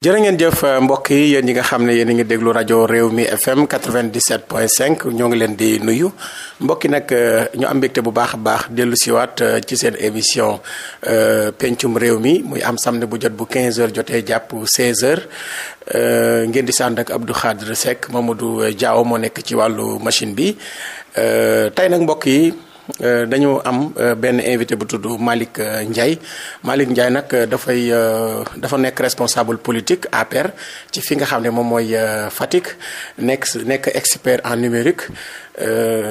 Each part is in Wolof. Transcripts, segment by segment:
jërë ngeen jëf mbokk yi yéen ñi nga xam ne yéen a ngi déglu rajo réew mi FM 97.5 ñoo ngi leen di nuyu mbokk yi nag euh, ñu am mbégte bu baax a baax dellu siwaat euh, ci seen émission euh, pencum réew mi muy am samedi bu jot bu 15h jotee jàpp 16h ngeen di sànd ak Abdou Khadre Seck du Diaw moo nekk ci wàllu machine bi tey nag mbokk yi. Euh, dañu am euh, benn invité bu tudd Malick euh, Ndiaye Malick Ndiaye nag dafay dafa nekk responsable politique APR ci fi nga xam ne moom mooy Fatick nekk nekk expert en numérique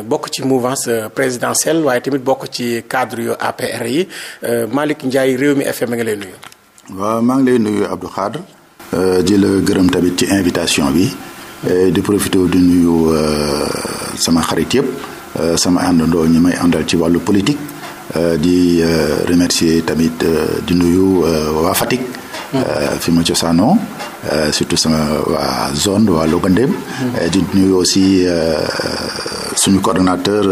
bokk ci mouvance présidentielle waaye tamit bokk ci cadre yu APR yi Malick Ndiaye réew mi FM nga leen nuyu. waaw maa ngi lay nuyu Abdou Khadre. di la gërëm tamit ci invitation bi. di profité di nuyu sama xarit yëpp. Euh, sama àndandoo ñi may àndal ci wàllu politique euh, di euh, remercier tamit di nuyu waa Fatick. Mm. fi ma cosaanoo surtout sama waa zone waa Louga Ndem. Mm. di nuyu aussi suñu coordonnateur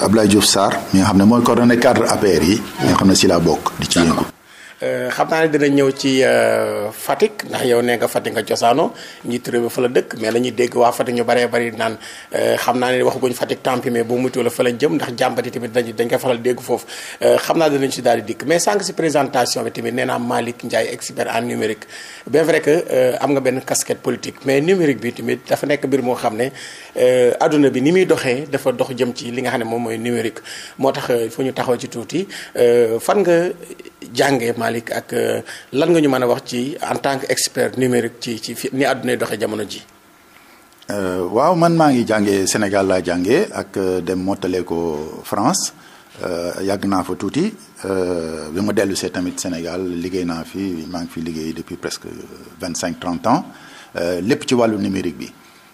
Abdoulaye Diouf Sarr mi nga xam ne mooy coordonné cadre APR yi. nga xam ne si laa bokk di ci yëngu. Euh, xam naa ne dina ñëw ci euh, Fatick ndax yow nee nga Fatick nga cosaano ñi turé bi fa la dëkk mais la ñuy dégg waa Fatick ñu baree bari naan euh, xam naa ne waxaguñ Fatick tampi mais bu mutu la fa lañ jëm ndax jàmbat yi tamit dañ dañ koy faral dégg foofu naa dinañ si daal di dikk mais sànq si présentation bi tamit nee naa Malick Ndiaye expert en numérique bien vrai que am nga benn casquette politique mais numérique bi tamit dafa nekk mbir moo xam ne àdduna bi ni muy doxee dafa dox jëm ci li nga xam ne moom mooy numérique moo tax fu ñu taxaw ci tuuti fan nga jàngee Malick ak euh, lan nga ñu mën a wax ci en tant que expert numérique ci ci fi ni àdduna doxee jamono ji euh, waaw man maa ngi jàngee Sénégal laa jàngee ak euh, dem mottale ko France yàgg naa fa tuuti bi ma dellu see tamit Sénégal liggéey naa fi maa ngi fi liggéey depuis presque vingt cinq trente ans lépp ci wàllu numérique bi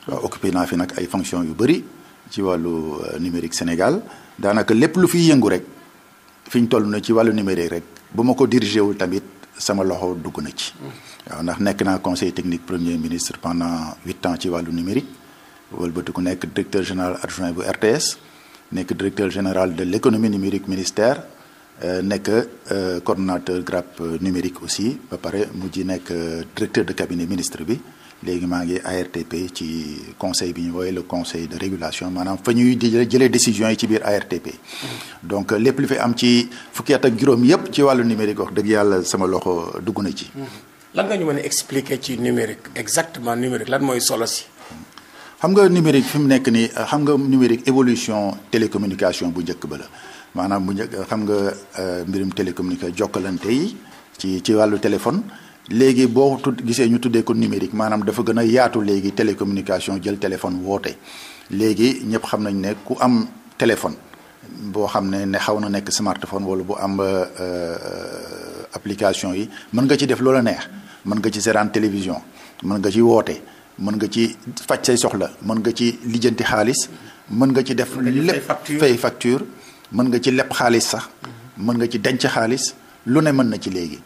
waaw occupé naa fi nag ay fonctions yu bëri ci wàllu numérique Sénégal daanaka lépp lu fiy yëngu rek fi ñu toll na ci wàllu numérique rek bu ma ko dirigé wul tamit sama loxo dugg na ci. Mm. waaw ndax nekk naa conseil technique premier ministre pendant huit ans ci wàllu numérique wëlbatiku nekk directeur général adjoint bu RTS nekk directeur général de l' économie numérique ministère euh, nekk euh, coordonnateur grappe euh, numérique aussi ba pare mujj nekk directeur de cabinet ministre bi. léegi maa ngi ARTP ci conseil bi ñu woowe le conseil de régulation maanaam fa ñuy jëlee décision yi ci biir ARTP donc lépp li fi am ci fukki at ak juróom yépp ci wàllu numérique wax dëgg yàlla sama loxo dugg na ci lan nga ñu mën a ci numérique exactement numérique lan mooy solo si xam nga numérique fi mu nekk nii xam nga numérique évolution télécommunication bu njëkk ba la maanaam bu njëkk xam nga euh, mbirum télécommunication jokkalante yi ci ci wàllu téléphone léegi boo tud gisee ñu tuddee ko numérique maanaam dafa gën a yaatu léegi télécommunication jël téléphone woote léegi ñëpp xam nañ ne ku am téléphone boo xam ne ne xaw na nekk smartphone wala bu am euh, application yi mën nga ci def loola neex mën nga ci seetaan télévision mën nga ci woote mën nga ci faj say soxla mën nga ci lijjanti xaalis mën nga ci def lépp fay facture mën nga ci lepp xaalis sax mm-hmm. mën nga ci ci xaalis lu ne mën na ci léegi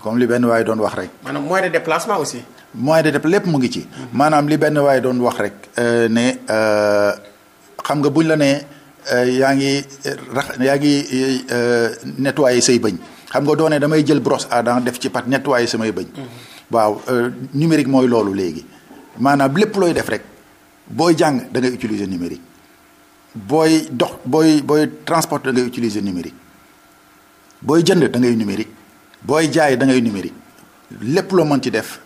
comme li benn waay doon wax rek. maanaam moyen de déplacement aussi. moyen de déplacement lépp mu ngi ci. maanaam li benn waay doon wax rek. Euh, ne euh, xam nga buñ la nee euh, yaa ngi rax yaa ngi nettoyer say bëñ xam nga doone damay jël brosse à dents def ci pat nettoyer samay bëñ. Mm-hmm. waaw numérique mooy loolu léegi maanaam lépp looy def rek booy jàng da ngay utiliser numérique booy dox booy booy transport da ngay utiliser numérique booy jënd da ngay numérique. booy jaay da ngay numérique lépp loo mën ci def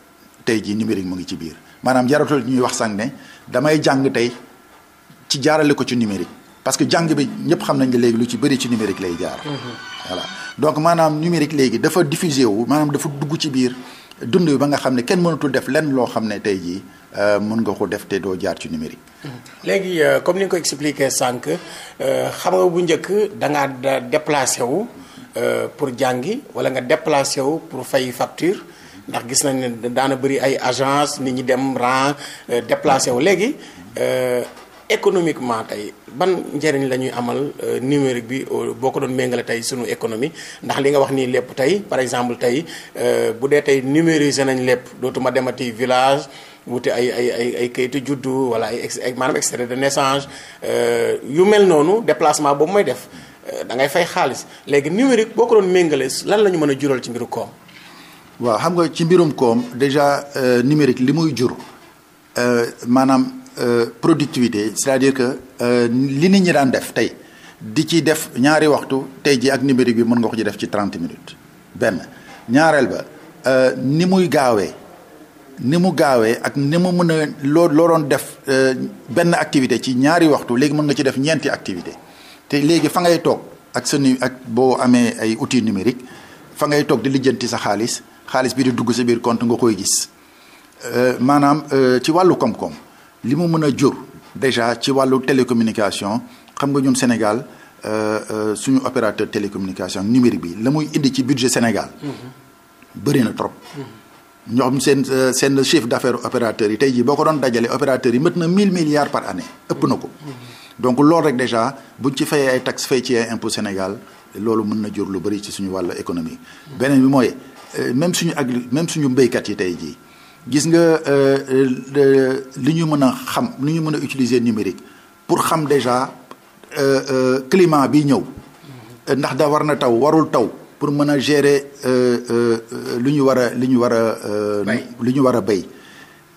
tey jii numérique mu ngi ci biir maanaam jaratul ñuy wax sànq ne damay jàng tey ci jaarale ko ci numérique parce que jàng bi ñëpp xam nañ ne léegi lu ci bëri ci numérique lay jaar. Mhm. voilà donc maanaam numérique léegi dafa diffusé wu maanaam dafa dugg ci biir dund bi ba nga xam ne kenn mënatul def lenn loo xam ne tey jii euh, mën nga ko def te doo jaar ci numérique. Mhm. léegi euh, comme ni nga ko expliqué sànq euh, xam nga bu njëkk da ngaa wu. Euh, pour jàngi wala nga déplacé wu pour fay facture ndax gis nañ ne daana bëri ay agence nit ñi dem rang euh, déplacé wu léegi euh, économiquement tey ban njëriñ la ñuy amal numérique bi boo ko doon méngale tey sunu économie ndax li nga wax nii lépp tey par exemple tey bu dee tey numériser nañ lépp dootuma demati village wuti ay ay ay ay kayitu juddu wala ay maanaam extrait de naissance yu mel noonu déplacement boobu may def Euh, da ngay fay xaalis léegi numérique boo ko doon méngale lan la ñu mën a jural ci mbiru koom. waaw xam nga ci mbirum koom déjà euh, numérique li muy jur euh, maanaam productivité c'est-à-dire que li nit ñi daan def tey di ci def ñaari waxtu tey ji ak numérique bi mën nga ko ci def ci trente minutes benn ñaareel ba ni muy gaawee. ni mu gaawee ak ni mu mën a loo loo doon def benn activité ci ñaari waxtu léegi mën nga ci def ñeenti activité te léegi fa ngay toog ak sa nu ak boo amee ay outils numériques fa ngay toog di lijjanti sa xaalis xaalis bi di dugg sa biir compte nga koy gis euh, maanaam euh, ci wàllu koom-koom li mu mën a jur déjà ci wàllu télécommunication xam nga ñun Sénégal euh, suñu opérateur télécommunication numérique bi la muy indi ci budget Sénégal. Mm-hmm. bëri na trop. Mm-hmm. ñoo xam seen seen chiffre d'affaires opérateur yi tey jii boo ko doon dajale opérateur yi mët na 1000 milliards par année ëpp na ko. Mm-hmm. donc loolu rek déjà buñ ci fayee ay taxes fay ci ay impôt Sénégal loolu mën na jur lu bari ci suñu wàll économie beneen bi mooy euh, même suñu ak même suñu mbéykat yi tey jii gis nga euh, euh, li ñu mën a xam li ñu mën a utiliser numérique pour xam déjà climat bi ñëw ndax da war na taw warul taw pour mën a gérer lu ñu war a li ñu war a lu ñu war a béy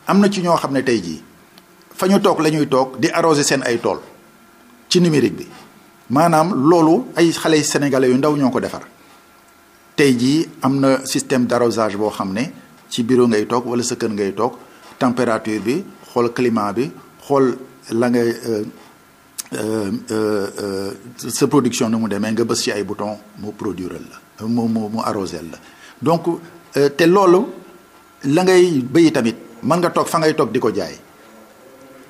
am na ci ñoo xam ne tey jii fa ñu toog la ñuy toog di arroser seen ay tool ci numérique bi maanaam loolu ay xale yu sénégalais yu ndaw ñoo ko defar tey jii am na système d'arrosage boo xam ne ci bureau ngay toog wala sa kër ngay toog température bi xool climat bi xool la ngay euh, euh, euh, sa production nu mu demee nga bës ci ay bouton mu produire la mu mu mu la donc te loolu la ngay béyi tamit man nga toog fa ngay toog di ko jaay.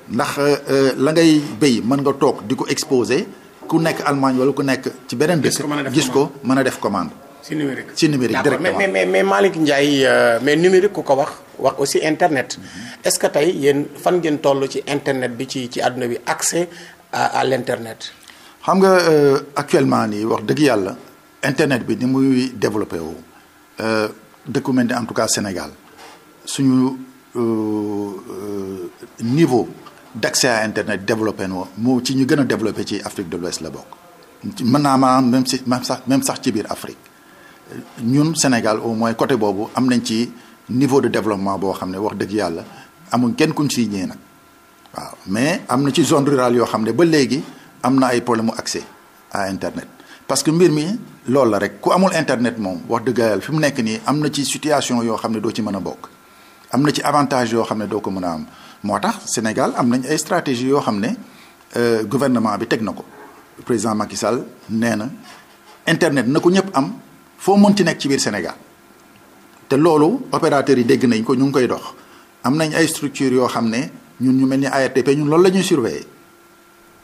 ndax euh, euh, la ngay béy mën nga toog di ko exposé ku nekk Allemagne wala ku nekk ci beneen dëkk gis ko mën a def commande ci numérique ci numérique directement mais mais mais Malick Ndiaye euh, mais numérique ku ko wax wax aussi internet mhm. est-ce que tey yéen fan ngeen toll ci internet bi ci ci àdduna bi accès à à xam nga actuellement nii wax dëgg yàlla internet bi ni muy développé wu dëkku mel ni en tout cas Sénégal suñu niveau d'accès à internet développé na moo ci ñu gën a développé ci Afrique de l'Ouest la bokk mën naa maanaam même si même sax même sax ci biir Afrique ñun Sénégal au moins côté boobu am nañ ci niveau de développement boo xam ne wax dëgg yàlla amuñ kenn kuñ siy ñee nag waaw mais am na ci zone rurale yoo xam ne ba léegi am na ay problème mu accès à internet parce que mbir mi loolu la rek ku amul internet moom wax dëgg yàlla fi mu nekk nii am na ci situation yoo xam ne doo ci mën a bokk am na ci avantage yoo xam ne doo ko mën a am moo tax Sénégal am nañ ay stratégie yoo xam ne euh, gouvernement bi teg na ko président Macky Sall nee na internet na ko ñëpp am foo mënti nekk ci biir Sénégal te loolu opérateur yi dégg nañ ko ñu ngi koy dox am nañ ay structures yoo xam ne ñun ñu mel ni ARTP ñun lool la ñuy surveiller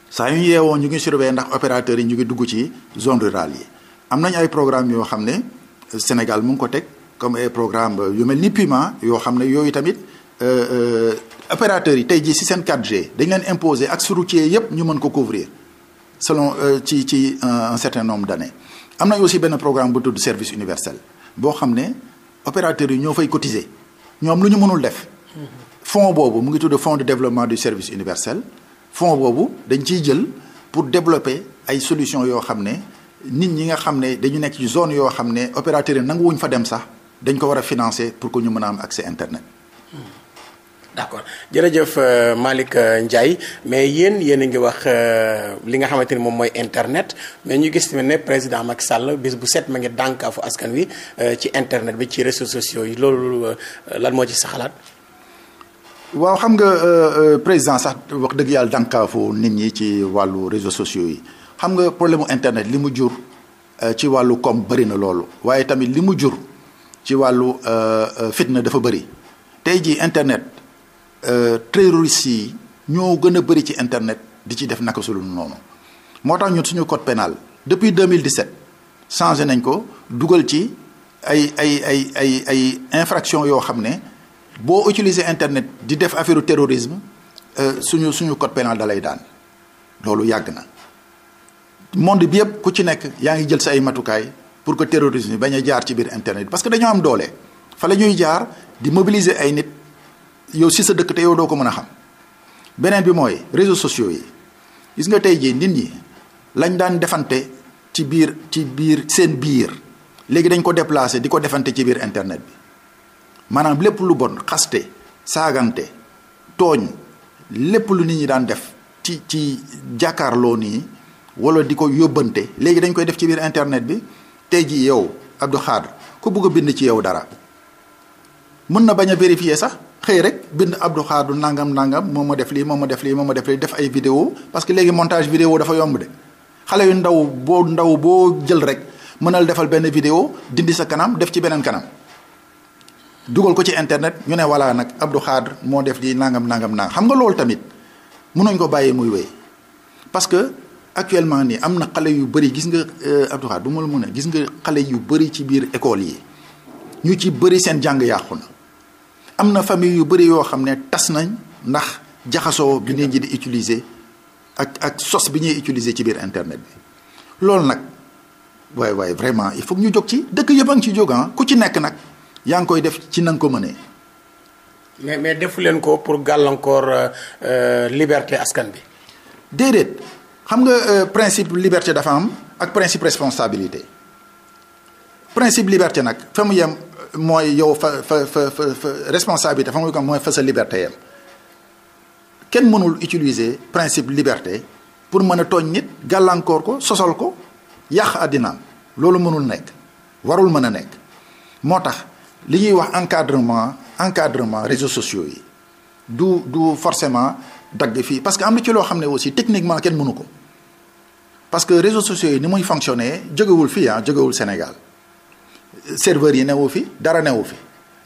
saa yu ñu yeewoo ñu ngi surveiller ndax opérateurs yi ñu ngi dugg ci zone rurale yi am nañ ay programmes yoo xam ne Sénégal mu ngi ko teg comme ay programme yu mel ni Puma yoo xam ne yooyu tamit Euh, euh, opérateurs yi tey jii si seen quatre g dañ leen imposer ak routier yépp ñu mën ko couvrir selon euh, ci ci un certain nombre d'années am na aussi benn programme bu tudd service universel boo xam ne opérateurs yi ñoo fay cotiser ñoom lu ñu mënul def fonds boobu mu ngi tudd fonds de développement du service universel fonds boobu dañ ciy jël pour développer ay solutions yoo xam ne nit ñi nga xam ne dañu nekk ci zone yoo xam ne opérateurs yi wuñ fa dem sax dañ ko war a financer pour que ñu mën a am accès internet d'accord jërëjëf euh, Malick euh, Ndiaye mais yéen yéen a ngi wax euh, li nga xamante ni moom mooy internet mais ñu gis ne président mag Sall bis bu set ma ngi dànkaafu askan wi ci internet bi ci réseaux sociaux yi loolu lan moo ci sa xalaat waaw xam nga président sax wax dëgg yàlla dànkaafu nit ñi ci wàllu réseaux sociaux yi xam nga problème internet li mu jur ci wàllu koom bëri na loolu waaye tamit li mu jur ci wàllu fitna dafa bëri tey jii internet Euh, terroristes yi ñoo gën a bëri ci internet di ci def naka sulul noonu moo tax ñun suñu code pénal depuis 2017 changé nañ ko dugal ci ay ay ay ay ay infraction yoo xam ne boo utiliser internet di def affaire terrorisme euh, suñu suñu code pénal da lay daan loolu yàgg na monde bi yëpp ku ci nekk yaa ngi jël sa ay matukaay pour que terrorisme yi bañ a jaar ci biir internet parce que dañoo am doole fa ñuy jaar di mobiliser ay nit yow si sa dëkk te yow doo ko mën a xam beneen bi mooy réseau sociaux yi gis nga tey jii nit ñi lañ daan defante ci biir ci biir seen biir léegi dañ ko déplacé di ko defante ci biir internet bi maanaam lépp lu bon xaste saagante tooñ lépp lu nit ñi daan def ci ci jàkkaarloo nii wala di ko yóbbante léegi dañ koy def ci biir internet bi tey jii yow Abdou Khadre ku bëgg a bind ci yow dara mën na bañ a vérifier sax xëy rek bind Abdou Khadre nangam nangam moo ma def lii moom ma def lii moom ma def lii def ay vidéo parce que léegi montage vidéo dafa yomb de xale yu ndaw boo ndaw boo jël rek mënal defal benn vidéo dindi sa kanam def ci beneen kanam dugal ko ci internet ñu ne voilà nag Abdou Khadre moo def lii nangam nangam nangam xam nga loolu tamit mënuñ ko bàyyi muy wéy parce que actuellement nii am na xale yu bëri gis nga euh, Abdou Khadre du ma la mën a gis nga xale yu bëri ci biir école yi ñu ci bëri seen jàng yàqu na am na famille yu bëri yoo xam ne tas nañ ndax jaxasoo bi nit ñi di utiliser ak ak sos bi ñuy utiliser ci biir internet bi loolu nag waaye waaye vraiment il faut ñu jóg ci dëkk yëpp a ngi ci jóg ah, ku ci nekk nag yaa ngi koy def ci na nga ko mënee. mais mais defu leen ko pour gàllankoor euh, euh, liberté askan bi. déedéet xam nga euh, principe liberté dafa am ak principe responsabilité principe liberté nag fa mu yem. mooy yow fa fa fa fa fa muy ko mooy fa sa liberté yam kenn mënul utiliser principe liberté pour mën a tooñ nit gàllankoor ko sosal ko yàq àddina loolu mënul nekk warul mën a nekk moo tax li ñuy wax encadrement encadrement réseaux sociaux yi du du forcément dagg fii parce que am na ci loo xam ne aussi techniquement kenn mënu ko parce que réseaux sociaux yi ni muy fonctionner jógewul fii ah jógewul Sénégal serveurs yi newu fi dara newu fi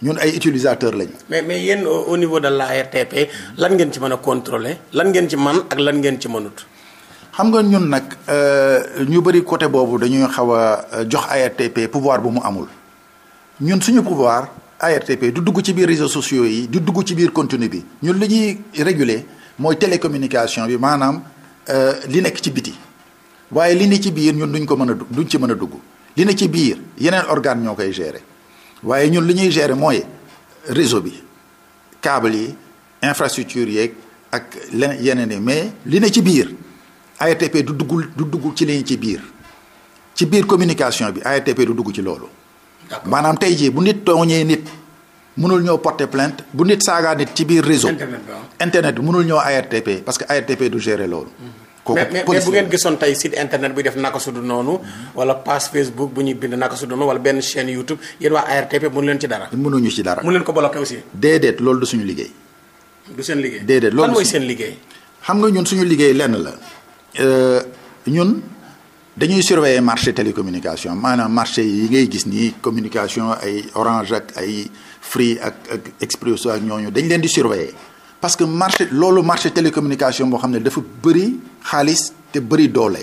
ñun ay utilisateur lañu. mais mais yéen au niveau de l'ARTP lan ngeen ci mën a contrôler lan ngeen ci man ak lan ngeen ci mënut. xam nga ñun nag euh, ñu bëri côté boobu dañuy xaw a euh, jox ARTP pouvoir bu mu amul ñun suñu pouvoir ARTP du dugg ci biir réseaux sociaux yi du dugg ci biir contenu bi ñun li ñuy réguler mooy télécommunication bi maanaam euh, li nekk ci biti waaye li ni ci biir ñun duñ ko mën a dugg duñ ci mën a dugg. li ne ci biir yeneen organe ñoo koy gérer waaye ñun li ñuy gérer mooy réseau bi câble yi infrastructure yeeg ak leneen yeneen yi mais li na ci biir ARTP du duggul du dugg ci liñ ci biir ci biir communication bi ARTP du dugg ci loolu. maanaam tey jii bu nit tooñee nit mënul ñëw porter plainte bu nit saagaa nit ci biir réseau. internet bi mënul ñëw ARTP parce que ARTP du gérer loolu. Mm-hmm. mais mais bu ngeen gisoon tey site internet bi def naka sudu noonu. wala page Facebook bu ñuy bind naka sudu noonu wala benn chaîne YouTube yéen waa ARTP mënu leen ci dara. mënuñu ci dara. mënu leen ko bloqué aussi. déedéet loolu du suñu liggéey. du seen liggéey. déedéet loolu lan mooy seen liggéey. xam nga ñun suñu liggéey lenn la euh, ñun dañuy surveiller marché télécommunication maanaam marché yi ngay gis nii communication ay Orange ak ay Free ak ak Expresso ñooñu dañ leen di surveiller. parce que marché loolu marché télécommunication boo xam ne dafa bëri xaalis te bëri doole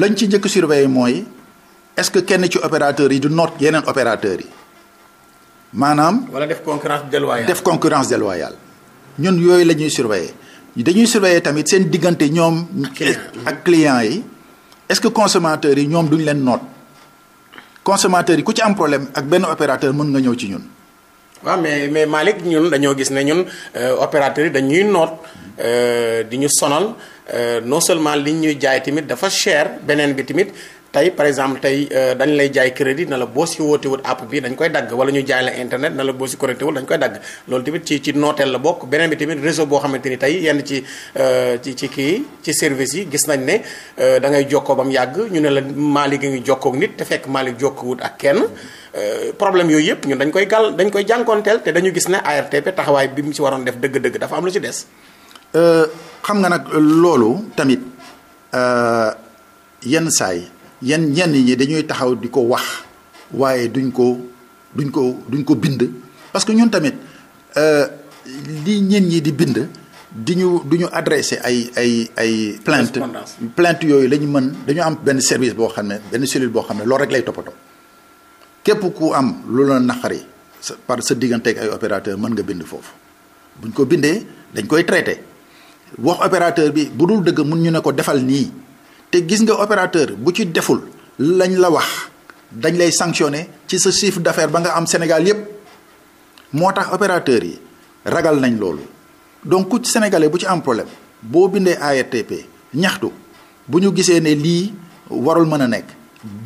lañ ci njëkk surveiller mooy est-ce que kenn ci opérateur yi du noot yeneen opérateur yi maanaam. wala def concurrence déloyale def concurrence déloyale ñun yooyu la ñuy surveiller dañuy surveiller tamit seen diggante ñoom. ak clients yi. est-ce que consommateurs yi ñoom duñ leen noot consommateurs yi ku ci am problème ak benn opérateur mën nga ñëw ci ñun. waaw mais mais Malick ñun dañoo gis ne ñun euh, opérateurs yi dañuy noot euh, di ñu sonal euh, non seulement li ñuy jaay tamit dafa cher beneen bi tamit tey par exemple tey dañ lay jaay crédit na la boo si woote app bi dañ koy dagg wala ñu jaay la internet na la boo si connecté wut dañ koy dagg loolu tamit ci ci nooteel la bokk beneen bi tamit réseau boo xamante ni tey yenn ci ci ci kii ci service yi gis nañ ne da ngay jokkoo ba mu yàgg ñu ne la Malick a ngi jokkoog nit te fekk Malick jokkoowut ak kenn Euh, problème yooyu yëpp ñun dañ koy gàll dañ koy jànkoonteel te dañu gis ne ARTP taxawaay bi mu ci waroon def dëgg-dëgg dafa am lu ci des. Euh, xam nga nag loolu tamit euh, yenn saay yenn ñenn ñi dañuy taxaw di ko wax waaye duñ ko duñ ko duñ ko bind parce que ñun tamit li ñenn ñi di bind di ñu du ñu adressé ay ay ay plainte plainte yooyu la ñu mën dañu am benn service boo xam ne benn cellule boo xam ne loolu rek lay toppatoo képp ku am lu la naqari sa par sa diggante ay opérateur mën nga bind foofu buñ ko bindee dañ koy traité wax opérateur bi bu dul dëgg mun ñu ne ko defal nii te gis nga opérateur bu ci deful lañ la wax dañ lay sanctionné ci sa chiffre d'affaires ba nga am Sénégal yépp moo tax opérateur yi ragal nañ loolu donc ku sénégalais bu ci am problème boo bindee ARTP ñaxtu bu ñu gisee ne lii warul mën a nekk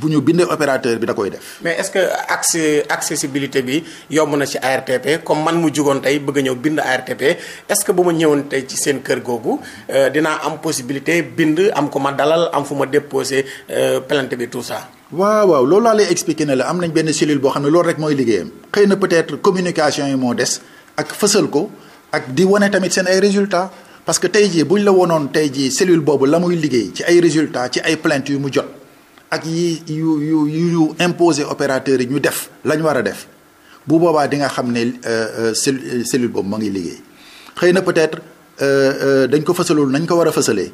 bu ñu bind opérateur bi da koy def. mais est-ce que accès accessibilité bi yomb na ci ARTP comme man mu jugoon tey bëgg ñëw bind ARTP est-ce que bu ma ñëwoon tey ci seen kër googu euh, dinaa am possibilité bind am ko ma dalal am fu ma déposé euh, plainte bi tout ça. waaw waaw loolu laa lay expliqué ne la am nañ benn cellule boo xam ne loolu rek mooy liggéeyam xëy na peut-être communication yi moo des ak fësal ko ak di wane tamit seen ay résultat parce que tey jii buñ la wonoon tey jii cellule boobu la muy liggéey ci ay résultats ci ay plaintes yu mu jot. ak yi yu yu yu imposé opérateurs yi ñu def lañ war a def bu boobaa di nga xam ne euh, euh, cellule euh, cellule boobu ma ngi liggéey xëy na peut-être dañ ko fësalul nañ ko war a fësalee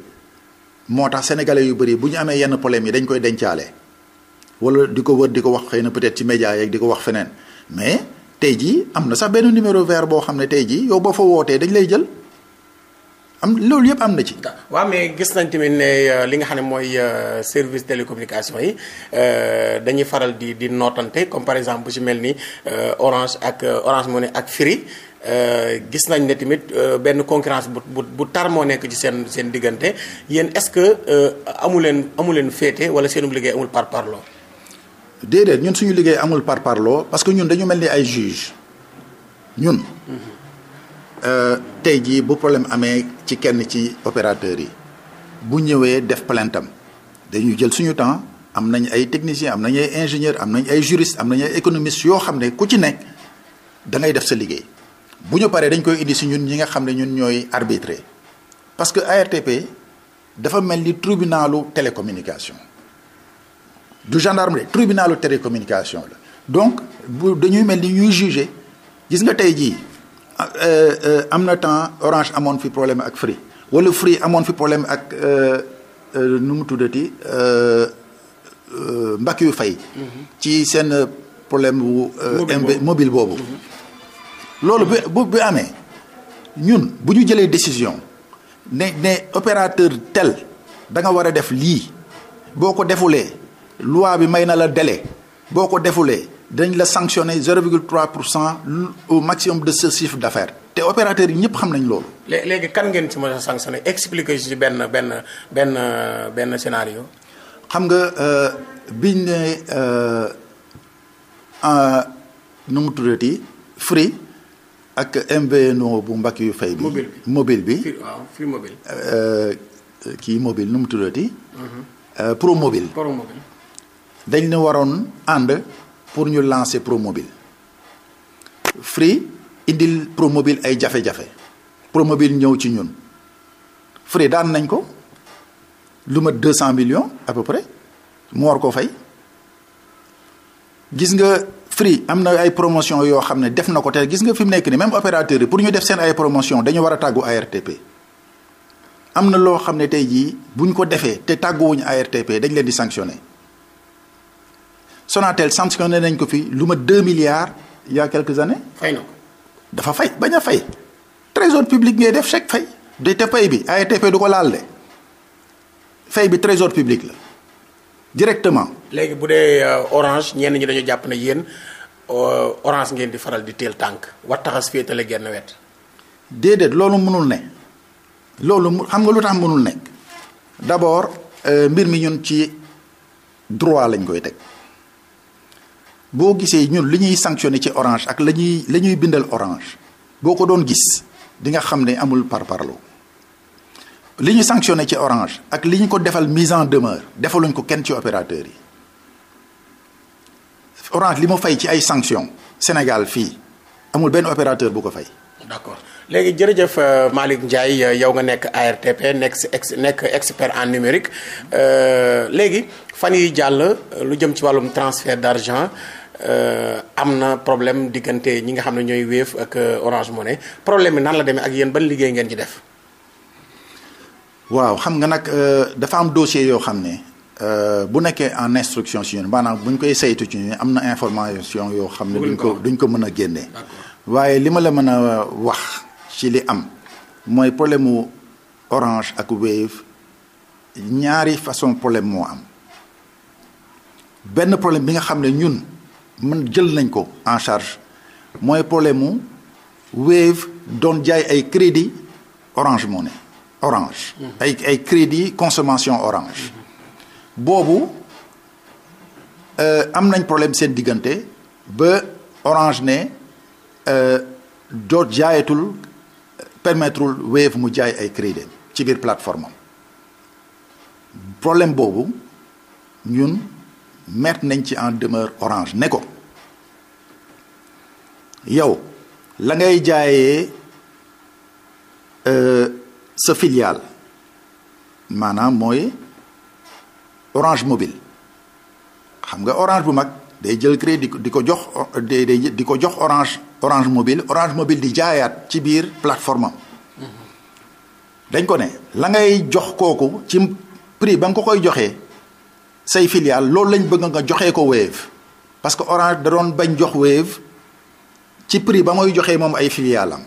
moo tax sénégalais yu bëri bu ñu amee yenn problème yi dañ koy dencaale wala di ko wër di ko wax xëy na peut-être ci média yeeg di ko wax feneen mais tey jii am na sax benn numéro vert boo xam ne tey jii yow boo fa wootee dañ lay jël. am loolu yëpp am na ci. Ah, waaw mais gis nañ tamit ne euh, li nga xam ne mooy euh, service télécommunication yi euh, dañuy faral di di nootante comme par exemple bu si mel ni Orange ak Orange Money ak Free. gis nañ ne tamit benn concurrence bu bu bu tar moo nekk ci seen seen diggante yéen est-ce que amu leen amu leen féete wala seenum liggéey amul par parloo. déedéet ñun suñu liggéey amul par parloo parce que ñun dañu mel ni ay juge ñun. Mm-hmm. Euh, tey jii bu problème amee ci kenn ci opérateurs yi bu ñëwee def plaintam dañuy jël suñu temps am nañ ay techniciens am nañ ay ingénieurs am nañ ay juristes am nañ ay économistes yoo xam ne ku ci nekk dangay def sa liggéey bu ñu paree dañ koy indi si ñun ñi nga xam ne ñun ñooy arbitrer parce que ARTP dafa mel ni tribunalu télécommunication du gendarmerie tribunalu télécommunication la donc bu dañuy mel ni ñuy juger gis nga tey jii. Euh, euh, am na temps orange amoon fi problème ak Free wala Free amoon fi problème ak euh, nu mu tuddati mbakk yu fay. Mhm. ci seen problème bu. mobile mobile boobu. Mhm. loolu bi bu amee ñun bu ñu jëlee décision ne ne opérateur tel da nga war a def lii boo ko defulee loi bi may na la dele boo ko defulee. dañ la sanctionné 0,3 pour cent au maximum de ce chiffre d'affaires te opérateurs yi ñëpp xam nañ loolu. léegi kan ngeen si mën a sanctionné expliqué ci benn benn benn benn scénario. xam nga euh, biñ ne euh, euh, nu mu tuddati Free ak no bu mbakk yu fay. bi mobile bi Free waaw Free mobile. kii nu mu tuddati. Mhm. Pro mobile. Pro dañ ne waroon ànd. pour ñu lancer Promobile Free indil Promobile ay jafe-jafe Promobile ñëw ci ñun Free daan nañ ko lu ma deux cent millions à peu mu war ko fay gis nga Free am na ay promotion yoo xam ne def na ko te gis nga fi mu nekk ni même opérateur yi pour ñu def seen ay promotion dañu war a tàggu ARTP am na loo xam ne tey jii buñ ko defee te tàgguwuñu ARTP dañ leen di sanctionner Sonatel sanctionné nañ ko fi lu ma 2 milliards il y a quelques années. fay na ko dafa fay bañ a fay trésor public ngay def chèque fay. du te fay bi ARTP e du ko laal de fay bi trésor public la directement. léegi bu dee euh, orange ñenn ñi dañu jàpp na yéen euh, orange ngeen di faral di teel tànk war taxas féetale genn wet. déedéet loolu mënul ne loolu xam nga lu tax mënul nekk d'abord euh, mbir mi ñun ci droit lañ koy teg. boo gisee ñun li ñuy sanctionné ci orange ak la ñuy la ñuy bindal orange boo ko doon gis di nga xam ne amul par parlo li ñu sanctionné ci orange ak li ñu ko defal mise en demeure defaluñ ko kenn ci opérateur yi orange li ma fay ci ay sanctions Sénégal fii amul benn opérateur bu ko fay. d'accord léegi jërëjëf euh, Malick Ndiaye euh, yow nga nekk ARTP nekk ex nekk expert en numérique euh, léegi fan yuy jàll lu jëm ci wàllum transfert d'argent. Euh, am na problème diggante ñi nga xam ne ñooy Wave ak euh, Orange Money problème bi nan la demee ak yéen ban liggéey ngeen ci def. waaw xam nga nag euh, dafa am dossier yoo xam ne bu nekkee en instruction si ñun maanaam bu ñu koy saytu ci ñun am na information yoo xam ne duñ ko duñ ko mën a génnee waaye li ma la mën a wax ci li am mooy problème mu Orange ak Wave ñaari façon problème moo am benn problème bi nga xam ne ñun man jël nañ ko en charge mooy problème mu Wave doon jaay ay crédit Orange mone Orange. Mhm. ay ay crédit consommation Orange. Mhm. boobu euh, am nañ problème seen diggante ba Orange ne euh, doot jaayatul permettrul Wave mu jaay ay crédit ci biir plateforme am problème boobu ñun. mettre nañ ci en demeure orange ne ko yow la ngay jaayee euh, sa filiale maanaam mooy orange mobile xam nga orange bu mag day jël crédit di ko jox di ko jox orange orange mobile orange mobile di jaayaat ci biir plateforme mm-hmm. dañ ko ne la ngay jox kooku ci prix ba nga ko koy joxee say filial loolu lañ bëgg nga joxee ko Wave parce que Orange da doon bañ jox Wave ci prix ba mooy joxe moom ay filiale am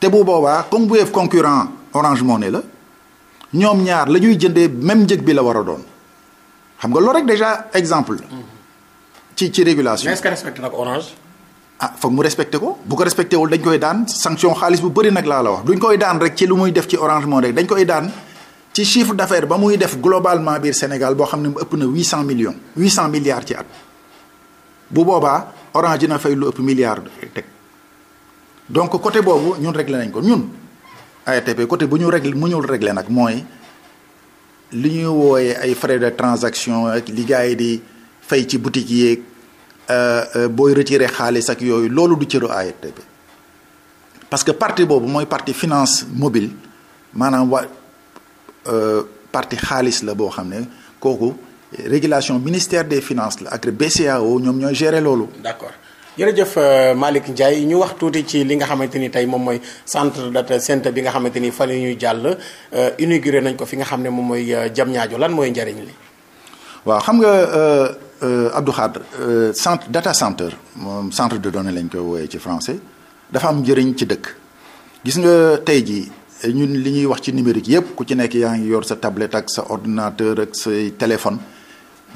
te bu boobaa comme Wave concurrent Orange Money la ñoom ñaar la ñuy jëndee même njëg bi la war a doon xam nga loolu rek déjà exemple. ci ci régulation. mais est Orange. ah foog mu respecté ko bu ko respecté wul dañ koy daan sanction xaalis bu bari nag laa la wax duñ koy daan rek ci lu muy def ci orangement Money rek dañ koy daan. ci chiffre d'affaires ba muy def globalement biir Sénégal boo xam ne mu ëpp na huit cent millions huit cent milliards ci at bu boobaa Orange na fay lu ëpp milliard teg donc côté boobu ñun réglé nañ ko ñun ARTP côté bu ñu réglé mu ñul réglé nag mooy li ñuy wooyee ay frais de transaction ak li di fay ci boutique yeeg euh, euh, booy retiré xaalis ak yooyu loolu du cëru ARTP parce que partie boobu mooy parti finance mobile maanaam Euh, parti xaalis la boo xam ne kooku régulation ministère des finances la ak BCEAO ñoom ñooy gérer loolu. d'accord jërëjëf euh, Malick Ndiaye ñu wax tuuti ci li nga xamante ni tey moom mooy centre data centre bi nga xamante ni fa la ñuy jàll euh, inauguré nañ ko fi nga xam ne moom mooy Diamniadio lan mooy njariñ li. waaw xam nga. Euh, Abdou Khadre euh, centre data center moom centre de données lañ koy wooyee ci français dafa am njëriñ ci dëkk gis nga tey jii ñun li ñuy wax ci numérique yépp ku ci nekk yaa ngi yor sa tablette ak sa ordinateur ak sa téléphone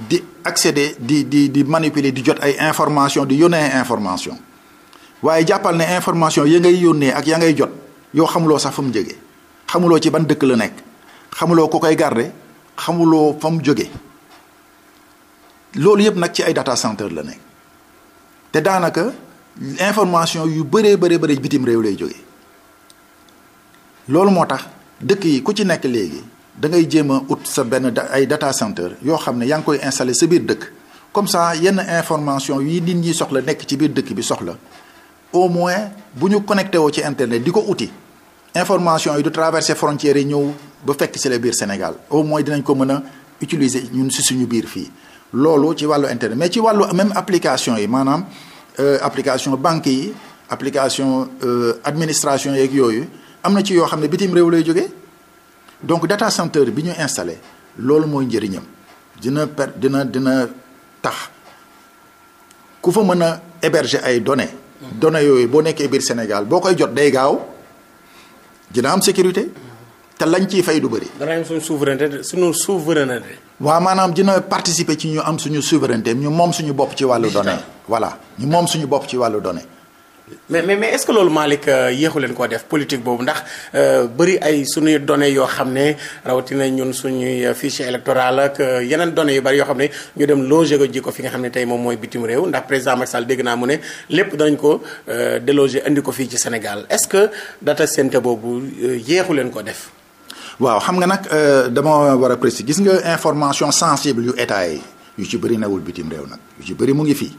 di accéder di di di manipuler di jot ay information di yónnee information waaye jàppal ne information yi ngay yónnee ak ya ngay jot yoo xamuloo sax fa mu jege xamuloo ci ban dëkk la nekk xamuloo ko koy garder xamuloo fa mu jógee loolu yëpp nag ci ay data center la nekk te daanaka information yu bëree bëree bëri bitim réew lay jóge loolu moo tax dëkk yi ku ci nekk léegi da ngay jéem a ut sa benn ay data center yoo xam ne yaa ngi koy installé sa biir dëkk comme sa yenn information yi nit ñi soxla nekk ci biir dëkk bi soxla au moins bu ñu connecté woo ci internet di ko uti information yi du traverser frontières yi ñëw ba fekk ci la biir Sénégal au moins dinañ ko mën a utiliser ñun si suñu biir fii loolu ci wàllu internet mais ci wàllu même application yi maanaam euh, application banque yi application euh, administration yeeg yooyu am na ci yoo xam ne bitim réew lay jógee donc data center bi ñu installé loolu mooy njëriñam dina per dina dina tax ku fa mën a héberger ay données. donné yooyu boo nekkee biir Sénégal boo koy jot day gaaw dina am sécurité te lañ ci fey du bari dana am suñu souveraineté suñu waaw maanaam dina participer ci ñu am suñu souveraineté ñu moom suñu bopp ci wàllu données. voilà ñu moom suñu bopp ci wàllu donné mais mais mais est-ce que loolu Malick euh, yéexu leen koo def politique boobu ndax euh, bëri ay suñuy données yoo xam ne rawatina ñun suñuy euh, fichier électoral ak yeneen données yu bëri yoo xam ne ñu dem loger ko ji ko fi nga xam ne tey moom mooy bitim réew ndax président Macky Sall dégg ne lépp danañ ko déloger indi ko fii ci Sénégal est-ce que data center boobu yéexu leen ko def. waaw xam nga nag dama war a préciser gis nga information sensible yu état yi yu ci bëri newul bitim réew nag yu ci bëri mu ngi fii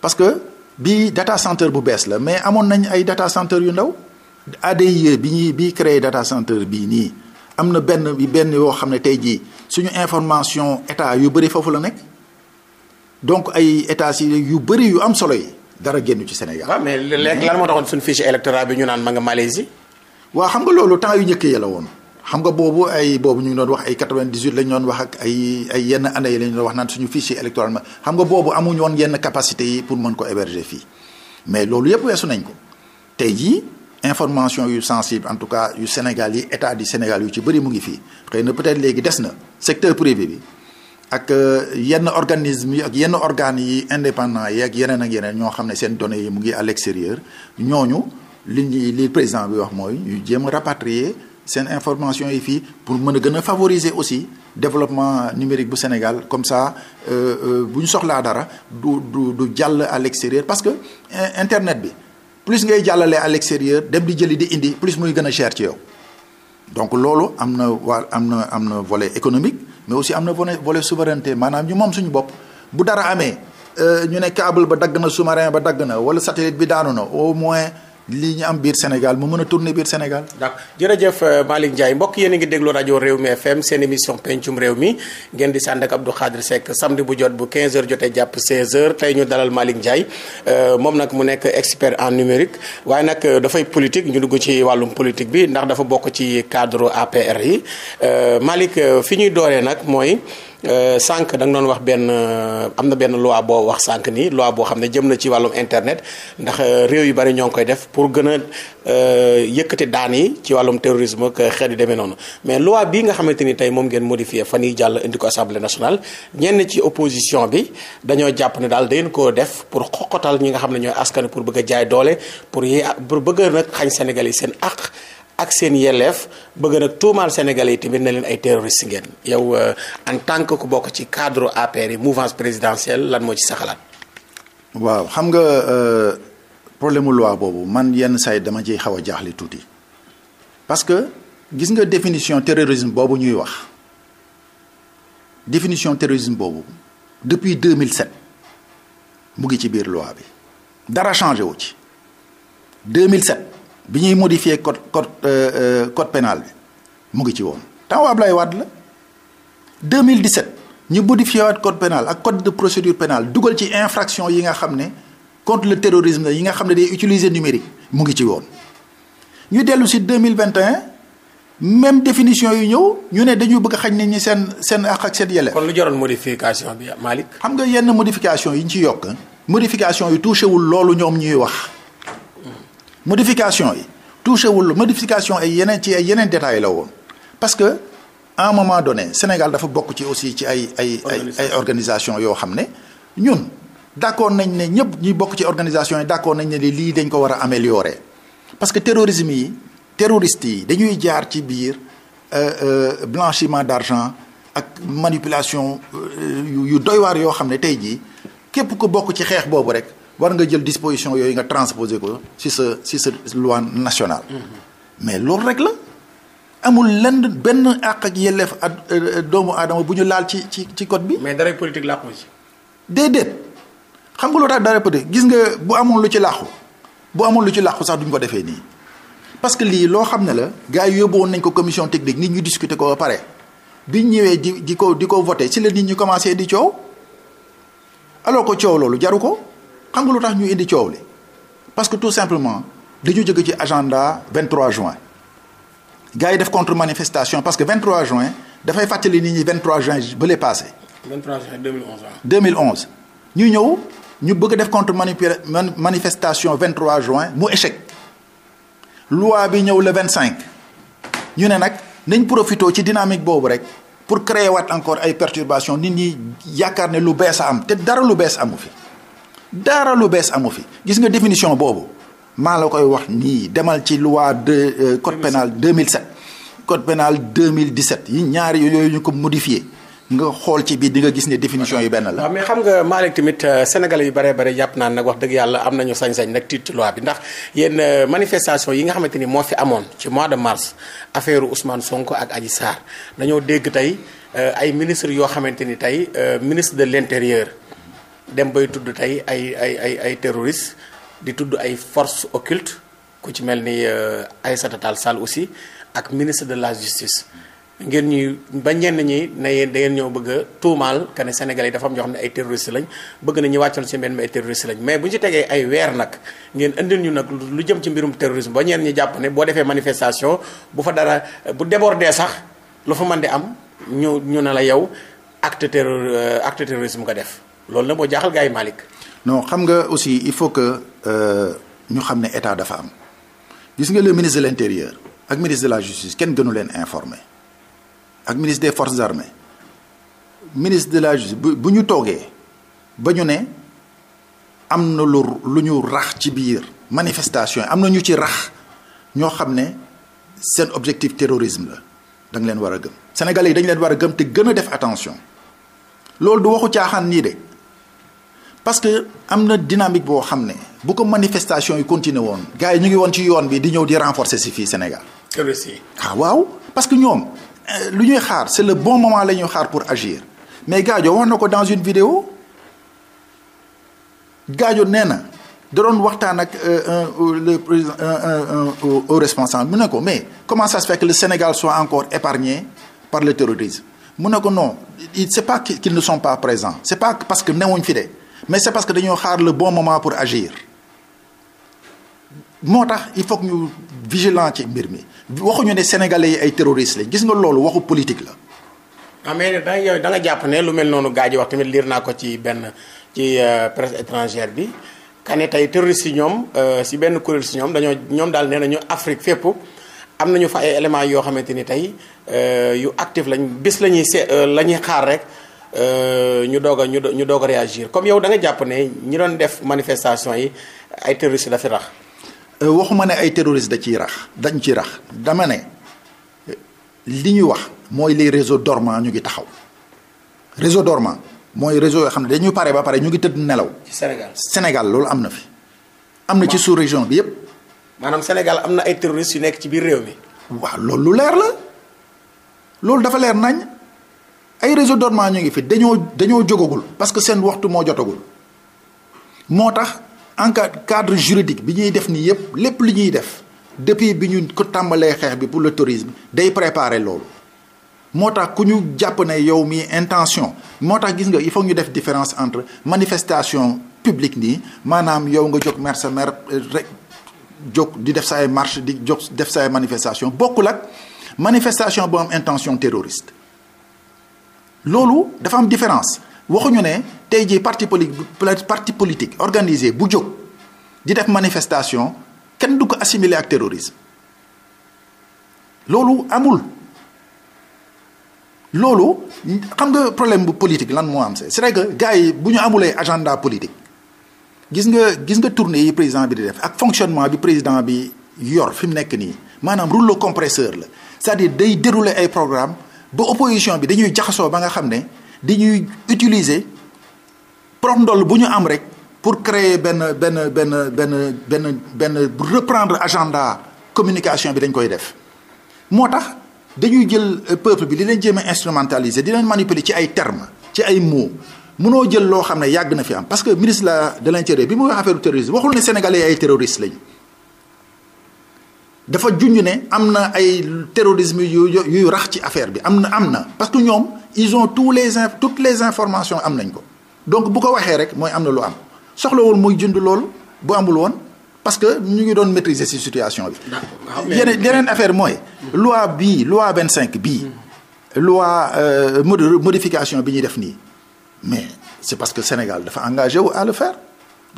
parce que. bi data center bu bees la mais amoon nañ ay data center yu ndaw ADIE bi ñuy bi créé data center bii nii am na benn bi benn yoo xam ne tey jii suñu information état yu bari foofu la nekk donc ay état si yu bëri yu am solo yi dara génn ci Sénégal. waaw mais léegi lan moo taxoon suñu fichier électoral bi ñu naan ma nga Malaisie. waaw xam nga loolu temps yu njëkk ya la woon. xam nga boobu ay boobu ñu ngi doon wax ay 98 lañ doon wax ak ay ay yenn année yi lañ doon wax naan suñu fichier électoral ma xam nga boobu amuñu woon yenn capacité yi pour mën ko héberger fii mais loolu yëpp weesu nañ ko tey jii information yu sensible en tout cas yu Sénégal yi état du Sénégal yu ci bëri mu ngi fii xëy na peut-être léegi des na secteur privé bi ak euh, yenn organisme yi ak yenn organes yi indépendant yi ak yeneen ak yeneen ñoo xam ne seen données yi mu ngi à l'extérieur ñooñu li li président bi wax mooy ñu jéem a rapatrier seen information yi fii pour mën a gën a favoriser aussi développement numérique bu Sénégal comme ça euh, euh, bu ñu soxlaa dara du du du jàll à l'extérieur parce que internet bi plus ngay jàllale à l'extérieur dem di jëli di indi plus muy gën a cher ci yow donc loolu am na waa am na am na volet économique mais aussi am na volet volet souveraineté maanaam ñu moom suñu bopp bu dara amee euh, ñu ne cable ba dagg na sous ba dagg na wala satellite bi daanu na au moins lii ñu am biir Sénégal mu mën a tourner biir Sénégal. d'accord jërëjëf euh, Malick Ndiaye mbokk yéen a ngi déglu rajo réew mi FM seen émission pencum réew mi ngeen di sànd ak Abdou Khadre Seck samedi bu jot bu 15h jotee jàpp 16h tey ñu dalal malik Ndiaye euh, moom nag mu nekk expert en numérique waaye nag euh, dafay politique ñu dugg ci wàllum politique bi ndax dafa bokk ci cadre APR yi Malick fi ñuy dooree nag mooy. Euh, sànq danga doon wax benn euh, am na benn loi boo wax sànq nii loi boo xam ne jëm na ci wàllum internet ndax euh, réew yu bari ñoo ngi koy def pour gën a yëkkati daan yi ci wàllum terrorisme ak xeet yu demee noonu mais loi bii nga xamante ni tey moom ngeen modifié fan yi jàll indi ko assemblée nationale ñenn ci opposition bi dañoo jàpp ne daal dañ koo def pour xoqatal ñi nga xam ne ñooy askan pour bëgg a jaay doole pour yee pour bëgg nag xañ Sénégal yi seen àq. ak seen yelleef bëgg na nag tuumaal sénégalais yi tamit na leen ay terroriste ngeen yow euh, en tant que ku bokk ci cadre APR yi mouvance présidentielle lan moo ci sa waaw xam nga euh, problème mu loi boobu man yenn saa yi dama ciy xaw a jaaxle tuuti parce que gis nga définition terrorisme boobu ñuy wax définition terrorisme boobu depuis deux 2007 mu ngi ci biir loi bi dara changé wu ci 2007. bi ñuy modifier code code euh, euh, code pénal bi mu ngi ci woon temps Ablaye Wade la 2017 ñu modifié waat code pénal ak code de procédure pénale dugal ci infraction yi nga xam ne contre le terrorisme yi nga xam ne day utiliser numérique mu ngi ci woon ñu dellu si deux mille vingt 2021 même définition yu ñëw ñu ne dañu bëgg a xañ nit ñi seen seen ak ak seen yelleef. kon lu jaroon modification bi Malick. xam nga yenn modification yi ñu ci yokk modification yu touché wul loolu ñoom ñuy wax. modification yi touché wul modification ay yeneen ci ay yeneen détails la woon parce que à un moment donné Sénégal dafa bokk ci aussi ci ay ay ay ay organisation yoo xam ne ñun d'accord nañ ne ñëpp ñuy bokk ci organisation yi d'accord nañ ne lii dañ ko war a améliorer parce que terrorisme yi terroristes yi dañuy jaar ci biir euh, euh, blanchiment d'argent ak manipulation euh, yu doy waar yoo xam ne tey jii képp ku bokk ci xeex boobu rek war nga jël disposition yooyu nga transposer ko ci sa ci sa loi national mais loolu rek la amul lenn benn àq ak yelleef euh, doomu aadama bu ñu laal ci ci ci code bi. mais dara politique làqu ci. déedéet xam nga loo tax dara politique gis nga bu amoon lu ci làqu bu amoon lu ci làqu sax duñ ko defee nii parce que lii loo xam ne la. gars yi yóbbuwoon nañ ko commission technique nit ñu discuter ko ba pare bi ñëwee di di ko di ko voté ci la nit ñu commencé di coow alors ko coow loolu jaru ko. xam tax ñu indi coow li parce que tout simplement dañu jóge ci agenda 23 juin gars yi def contre manifestation parce que 23 juin dafay fàttali nit ñi 23 juin ba lay passé. 23 juin 2011 waaw. 2011 ñu ñëw ñu bëgg def contre manifestation 23 juin mu échec loi bi ñëw la vingt cinq ñu ne nag nañ profitoo ci dynamique boobu rek pour créer waat encore ay perturbations nit ñi yaakaar ne lu bees a am te dara lu bees amu fi. daara lu bees amu fi gis nga définition boobu maa la koy wax nii demal ci loi de deux code pénal deux mille pénal 2017 yi ñaari yooyu ñu ko modifié nga xool ci biir di nga gis ne définition yi benn la. mais xam nga Malick tamit euh, sénégalais yu bare bare jàpp naan nag wax dëgg yàlla am nañu sañ-sañ nag tiit loi bi ndax yéen euh, manifestation yi nga xamante ni moo fi amoon ci mois de mars affaire Ousmane Sonko ak Adji Sarr dañoo dégg tey euh, ay ministre yoo xamante ni tey ministre de l' intérieur. dem bay tudd tey ay ay ay ay terroristes di tudd ay forces occultes ku ci mel ni euh, ay Tall Sall aussi ak ministre de la justice ngeen ñuy ba ñenn ñi ne yéen da ngeen ñëw bëgg a tuumaal que ne Sénégalais yi dafa am ñoo xam ne ay terroristes lañ bëgg na ñu wàccoon ci mbedd mi lañ mais bu ñu ci tegee ay weer nag ngeen indil ñu nag lu jëm ci mbirum terrorisme ba ñenn ñi jàpp ne boo defee manifestation bu fa dara bu débordé sax lu fa man di am ñu ñu ne la yow acte terror euh, acte terrorisme nga def. loolu nag moo jaaxal gars yi Malick. non xam nga aussi il faut que euh, ñu xam ne état dafa am gis nga le ministre de l' intérieur ak ministre de la justice kenn gënu leen informé ak ministre des forces armées ministre de la justice bu bu ñu toogee ba ñu ne am na lu lu ñu rax ci biir manifestation am na ñu ci rax ñoo xam ne seen objectif terrorisme la da leen war a gëm sénégalais yi dañ leen war a gëm te gën a def attention loolu du waxu caaxaan nii de. parce que am na dynamique boo xam ne bu ko manifestation yi continuer woon. gars yi ñu ngi woon ci yoon bi di ñëw di renforcer si fii Sénégal. Ah, waaw parce que ñoom euh, lu ñuy xaar c'est le bon moment la ñuy xaar pour agir mais Gadio wax na ko dans une vidéo Gadio nee na daroon waxtaan ak euh, euh, le président au responsable mu ne ko mais comment ça se fait que le Sénégal soit encore épargné par le terrorisme mu ne ko no c'est pas qu'ils ne sont pas présents c'est pas parce que newuñ fi de. mais c'est parce que dañoo xaar le bon moment pour agir moo tax il faut ñu vigilant ci mbir mi waxuñu ne sénégalais yi ay terroristes lañ gis nga loolu waxu politique la. ah mais da yow da jàpp ne lu mel noonu gaa ji wax tamit liir naa ko ci benn ci euh, presse étrangère bi ka tey terroristes yi ñoom euh, si benn kuréel si ñoom dañoo ñoom daal nee nañu Afrique fépp am na ñu fa ay éléments yoo xamante ni tey euh, yu actif lañ bis la ñuy se la ñuy xaar rek. Euh, ñu doog a ñu doog a réagir comme yow da jàpp ne ñi doon def manifestation yi ay terroristes dafi rax. Euh, waxuma ne ay terroristes da ciy rax dañu ci rax dama ne li ñuy wax mooy les réseaux dormants ñu ngi taxaw réseau dormant mooy réseau yoo xam ne dañu pare ba pare ñu ngi tëdd nelaw. Sénégal Sénégal loolu am na fi. am na ci sous région bi yëpp maanaam Sénégal am na ay terroristes yu nekk ci biir réew mi. waaw loolu lu leer la loolu dafa leer nañ. ay réseau dormant ñu ngi fi dañoo dañoo jógagul parce que seen waxtu moo jotagul moo tax en cadre juridique bi ñuy def nii yëpp lépp lu ñuy def depuis bi ñu ko tàmbalee xeex bi pour le tourisme day préparer loolu moo tax ku ñu jàpp ne yow mi intention moo tax gis nga il faut ñu def différence entre manifestation publique nii maanaam yow nga jóg mer sa mer rek jóg di def sa ay marche di jóg def sa manifestation bokkul ak manifestation boo am intention terroriste loolu dafa am différence waxuñu ne tey jii parti politique parti politique organisé bu jóg di def manifestation kenn du ko assimiler ak terrorisme loolu amul loolu xam nga problème bu politique lan moo am c'est c'est vrai que gars yi bu ñu amulee agenda politique gis nga gis nga tournée yi président bi di def ak fonctionnement bi président bi yor fi mu nekk nii maanaam rouleau compresseur la c'est-à-dire day dérouler ay programme ba opposition bi dañuy jaxasoo ba nga xam ne dañuy utiliser prof ndoll bu ñu am rek pour créer benn benn benn benn benn benn reprendre agenda communication bi dañ koy def moo tax dañuy jël euh, peuple bi li leen jéem a instrumentaliser di leen ci ay termes ci ay mots mënoo jël loo xam ne yàgg na fi am parce que ministre de l'intérieur bi mu wax affaire terrorisme waxul ne sénégalais ay terroristes lañu. dafa junj ne am na ay terrorisme yu yuy rax ci affaire bi am na am na parce que ñoom ils ont tous les in les informations am nañ ko donc bu ko waxee rek mooy am na lu am soxla soxlawul mooy jund loolu bu amul woon parce que ñu ngi doon maîtriser si situation bi. Ah, yeneen yeneen affaire mooy. loi bii loi cinq bii. loi euh, modification bi ñuy def nii mais c'est parce que Sénégal dafa engagé wu à le faire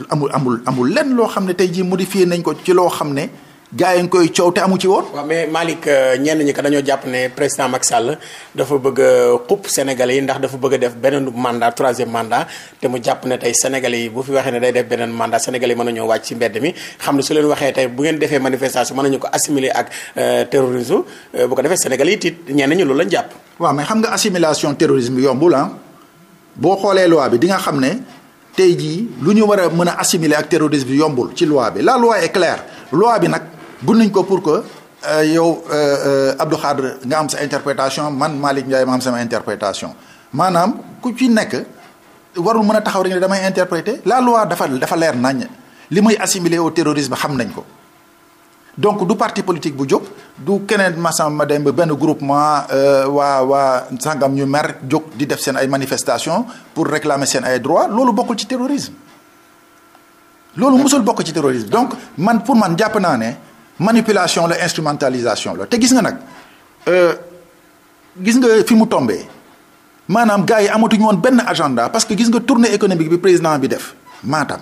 amul amul amul lenn loo xam ne tey jii modifié nañ ko ci loo xam ne. gaa yi ngi koy coow te amu ci woon. waaw mais Malick euh, ñenn ñi que dañoo jàpp ne président Macky Sall dafa bëgg a euh, xupp Sénégalais yi ndax dafa bëgg def beneen mandat troisième mandat te mu jàpp ne tey Sénégalais yi bu fi waxee ne day def beneen mandat sénégal yi mën nañoo wàcc ci mbedd mi xam ne su leen waxee tey bu ngeen defee manifestation mën nañu ko assimiler ak euh, terrorisme bu ko defee sénégal yi tiit ñeen ñi loolu lañ jàpp. waaw mais xam nga assimilation terrorisme yombul ah boo xoolee loi bi di nga xam ne tey jii lu ñu war a mën a assimiler ak terrorisme yombul ci loi bi la loi est claire loi bi nag gunnuñ ko pour que euh, yow euh, euh, Abdou Khadre nga am sa interprétation man Malick Ndiaye ma am sama interprétation maanaam ku ci nekk warul mën a taxaw rek ne damay interpréter la loi dafa dafa leer nañ li muy assimilé au terrorisme xam nañ ko donc du parti politique bu jóg du keneen masam ma dem benn groupement waa waa sangam ñu mer jóg di def seen ay manifestation pour réclamer seen ay droits loolu bokkul ci terrorisme loolu musul bokk ci terrorisme donc man pour man jàpp naa ne manipulation la instrumentalisation la te gis nga nag euh, gis nga fi mu tombee maanaam gars yi amatuñu woon benn agenda parce que gis nga tournée économique bi président bi def Matam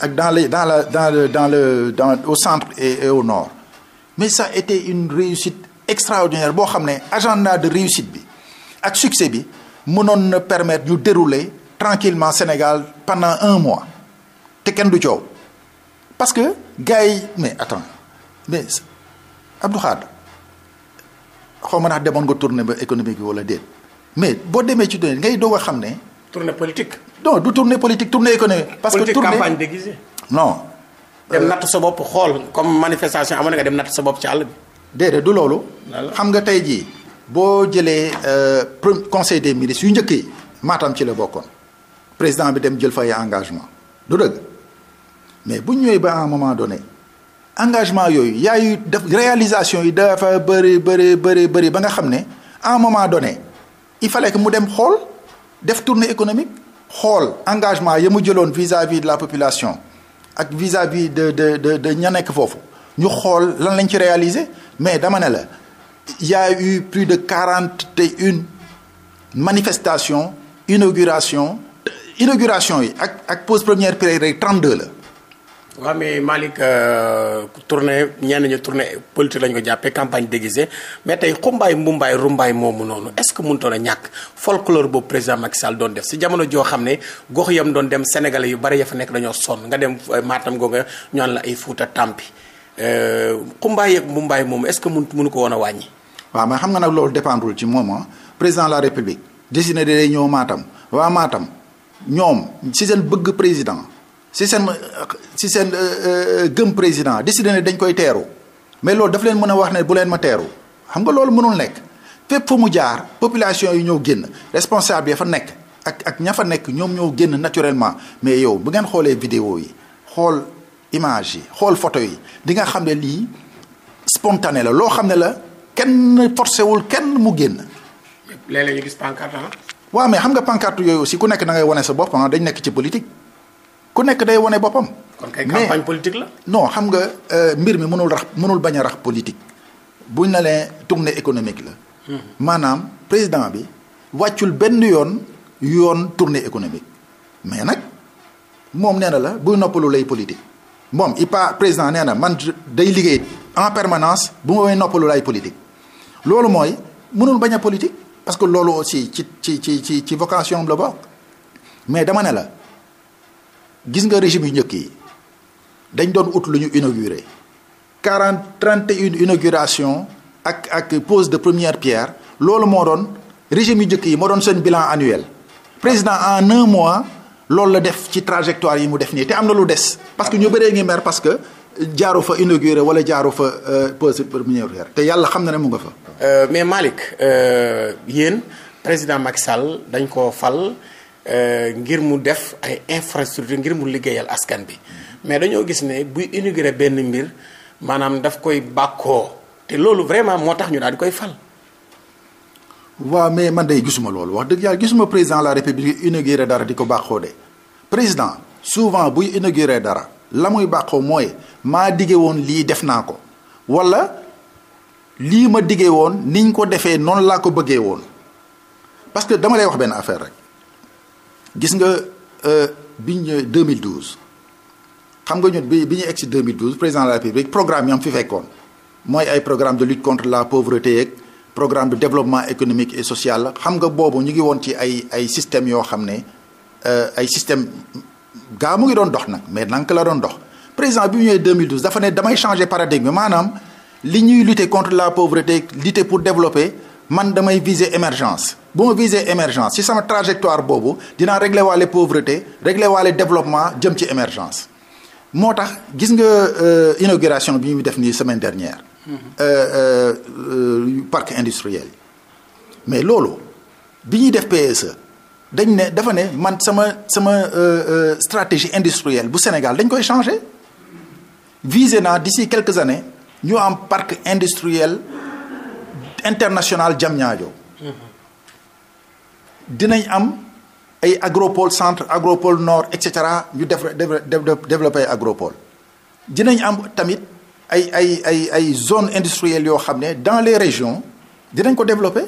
ak dans les dans la dans le dans le dans au centre et, et au nord mais ça a été une réussite extraordinaire boo xam ne agenda de réussite bi ak succès bi mënoon na permettre ñu dérouler tranquillement Sénégal pendant un mois te kenn du coow parce que gars yi mais attends mais Abdou Khadre xaw ma ndax demoon nga tournée ba économique bi wala déet mais boo demee ci tournée ngay doog a xam ne. tournée politique. non du tournée politique tournée économique. parce que tournée campagne déguisée. non. dem euh, natt sa bopp xool comme manifestation amoon nga dem natt sa bopp ci àll bi. déedéet du loolu. xam nga tey jii boo jëlee euh, premier conseil des ministres yu njëkk maatam ci la bokkoon président bi dem jël fay engagement. du dëgg mais bu ñu ñëwee ba à un moment donné. engagement yooyu yaayu def réalisation yi dafa bëri bëri bëri bëri ba nga xam ne à un moment donné il fallait que mu dem xool def tournée économique xool engagement yi mu jëloon vis-à-vis de la population ak vis-à-vis de de de de ña nekk foofu ñu xool lan lañ ci réaliser mais dama ne la il y a eu plus de quarante te une manifestations inauguration inauguration yi ak ak pose première pierre rek deux la. waaw mais Malick euh, tournée ñenn ñi tournée politique lañ ko jàppee campagne déguisée mais tey xumbaay mbumbaay rumbaay moomu noonu est-ce que mënutoon a ñàkk folklore boobu président Macky Sall doon def si jamono joo xam ne gox yam doon dem sénégale yu bari ya fa nekk dañoo sonn nga dem euh, Matam googa ñaan la ay Fuuta Tampi euh, xumbaay yeeg mbumbaay moomu est-ce que mun mënu ko woon a wàññi. waaw mais xam nga nag loolu dépendrul ci moom ah. président de la république décider day ñëw Matam waa Matam ñoom si seen bëgg président. si seen si seen euh, euh, gëm président décidé ne dañ koy teeru mais loolu daf leen mën a wax ne bu leen ma teeru xam nga loolu mënul nekk fépp fu mu jaar population yi ñoo génn responsable ya fa nekk ak ak ña fa nekk ñoom ñoo génn naturellement mais yow bu ngeen xoolee vidéo yi xool image yi xool photo yi di nga xam ne lii spontané la loo xam ne la kenn forcé wul kenn mu génn. léeg-léeg ñu gis pancarte ah. waaw mais xam nga pancarte yooyu aussi ku nekk da ngay wane sa boppa ah dañ nekk ci politique. ku nekk day wane boppam. kon kay campagne la. non xam nga euh, mbir mi mënul rax mënul bañ a rax politique bu la leen tournée économique la. Mm-hmm. maanaam président bi wàccul benn yoon yoon tournée économique mais nag moom nee na la buy noppalu lay politique moom pa président nee na man day liggéey en permanence bu may noppalu lay politique loolu mooy mënul bañ a politique parce que loolu aussi ci ci ci ci ci vocation am la bokk mais dama ne la. gis nga régime yu njëkk yi dañ doon ut lu ñu inauguré quarante trente et une inauguration ak ak pose de première pierre loolu moo doon régime yu njëkk yi moo doon seen bilan annuel président en un mois loolu la def ci trajectoire yi mu def nii te am na lu des parce que ñu bëree ngi mer parce que euh, jaaru fa inauguré wala jaaru fa euh, pose première pierre te yàlla xam na ne mu nga fa euh, mais Malick yéen président Macky Sall dañ ko fal Euh, ngir mu def ay infrastructure ngir mu liggéeyal askan bi mais dañoo gis ne buy inauguré benn mbir maanaam daf koy bàkkoo te loolu vraiment moo tax ñu daal di koy fal. waaw mais man day gisuma loolu wax dëgg yàlla gisuma président de la république inauguré dara di ko bàkkoo de président souvent buy inauguré dara la muy bàkkoo mooy maa diggee woon lii def naa ko wala lii ma diggee woon niñ ko defee noonu laa ko bëggee woon parce que dama lay wax benn affaire rek. gis nga euh, biñ 2012 xam nga ñun bi bi ñu egg si 2012 président de la république programme yi am fi fekkoon mooy ay programme de lutte contre la pauvreté yeeg programme de développement économique et social la xam nga boobu ñu ngi woon ci ay ay systèmes yoo xam ne euh, ay système gaa mu ngi doon dox nag mais nank la doon dox président bi mu ñëwee 2012 dafa ne damay changer paradigme maanaam li ñuy lutter contre la pauvreté lutter pour développer man damay viser émergence bu ma viser émergence ci sama trajectoire boobu dina régler waale pauvreté régler waale développement jëm ci émergence moo tax gis nga euh, inauguration bi ñu def nii semaine dernière mm-hmm. euh, euh, euh, parc industriel yi mais loolu bi ñuy def PSE dañ ne dafa ne man sama sama euh, stratégie industrielle bu Sénégal dañ koy changer visé naa d'ici quelques années ñu am parc industriel international Diamniadio dinañ am ay agropole centre agropole nord et cetera ñu def développer agropole dinañ am tamit ay ay ay ay zone industrielle yoo xam ne dans les régions dinañ ko développer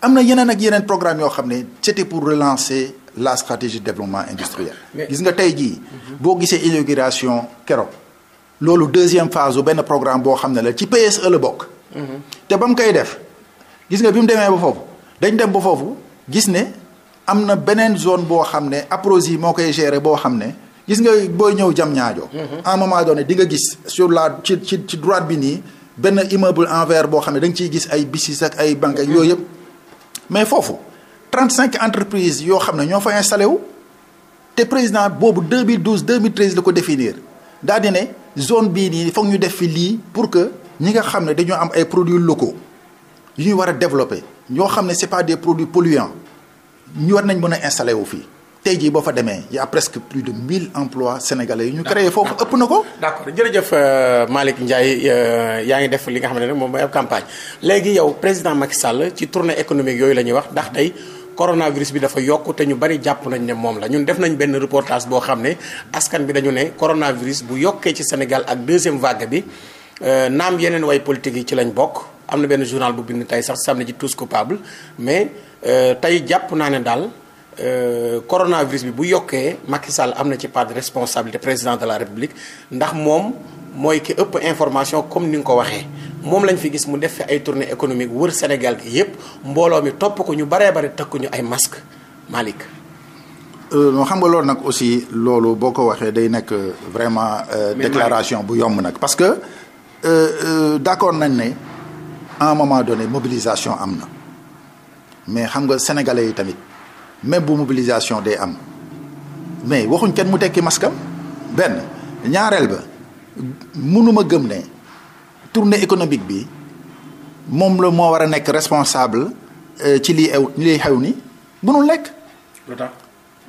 am na yeneen ak yeneen programme yoo xam ne c'était pour relancer la stratégie de développement industriel gis nga tey jii boo gisee inauguration keroog loolu deuxième phase u benn programme boo xam ne la ci PSE la bokk mhm. te ba mu koy def gis nga bi mu demee ba foofu dañ dem ba foofu gis ne am na beneen zone boo xam ne Aprosi moo koy gérer boo xam ne gis nga booy ñëw jam ñaajo mhm. à un moment donné di nga gis sur la ci ci ci droite bi nii benn immeuble en verre boo xam ne da nga ciy gis ay bisis ak ay banque mhm. yooyu yëpp mais foofu trent cinq entreprise yoo xam ne ñoo fa installé wu te président boobu 2012 2013 la ko définir daal di ne zone bii nii foog ñu def fi lii pour que ñi nga xam ne dañoo am ay produits locaux yu ñu war a développer ñoo xam ne c'est pas des produits polluants ñu war nañ mën a installer wu fii tey jii boo fa demee y' plus de mille emplois sénégalais yu ñu créé foofu ëpp na ko. d' accord jërëjëf euh, Malick Ndiaye euh, yaa ngi def li nga xam ne rek moom mooy ab campagne léegi yow président Macky Sall ci tournée économique yooyu la ñuy wax ndax tey coronavirus bi dafa yokk te ñu bari jàpp nañ ne moom la ñun def nañ benn reportage boo xam ne askan bi dañu ne coronavirus bu yokkee ci Sénégal ak deuxième vague bi. Euh, naam yeneen way politique yi ci lañ bokk am na benn journal bu bind tey sax samedi ci tous coupable mais euh, tey jàpp naa ne daal euh, coronavirus bi bu yokkee Macky Sall am na ci part de président de la République ndax moom mooy ki ëpp information comme ni nga ko waxee moom lañ fi gis mu def fi ay tournée économique wër Sénégal gi yépp mbooloo mi topp ko ñu baree bari takkuñu ay masque Malick xam nga loolu nag aussi loolu boo ko waxee day nekk vraiment déclaration bu yomb nag parce que Euh, euh, d'accord nañ ne à un moment donné mobilisation am na mais xam nga sénégalais yi tamit même bu mobilisation de am mais waxuñ kenn mu tekki maskam benn ñaareel ba mënuma gëm ne tournée économique bi moom la moo war a nekk responsable euh, ci lii ew lii xew ni mënul nekk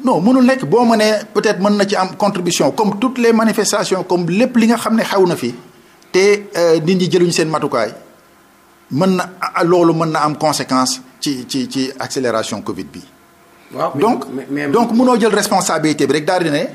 non mënul nekk boo mënee peut-être mën na ci am contribution comme toutes les manifestations comme lépp li nga xam ne xew na fi te euh, nit ñi jëluñ seen matukaay mën na loolu mën na am conséquence ci ci ci accélération Covid bi. waaw donc donc munoo jël responsabilité bi rek daal di ne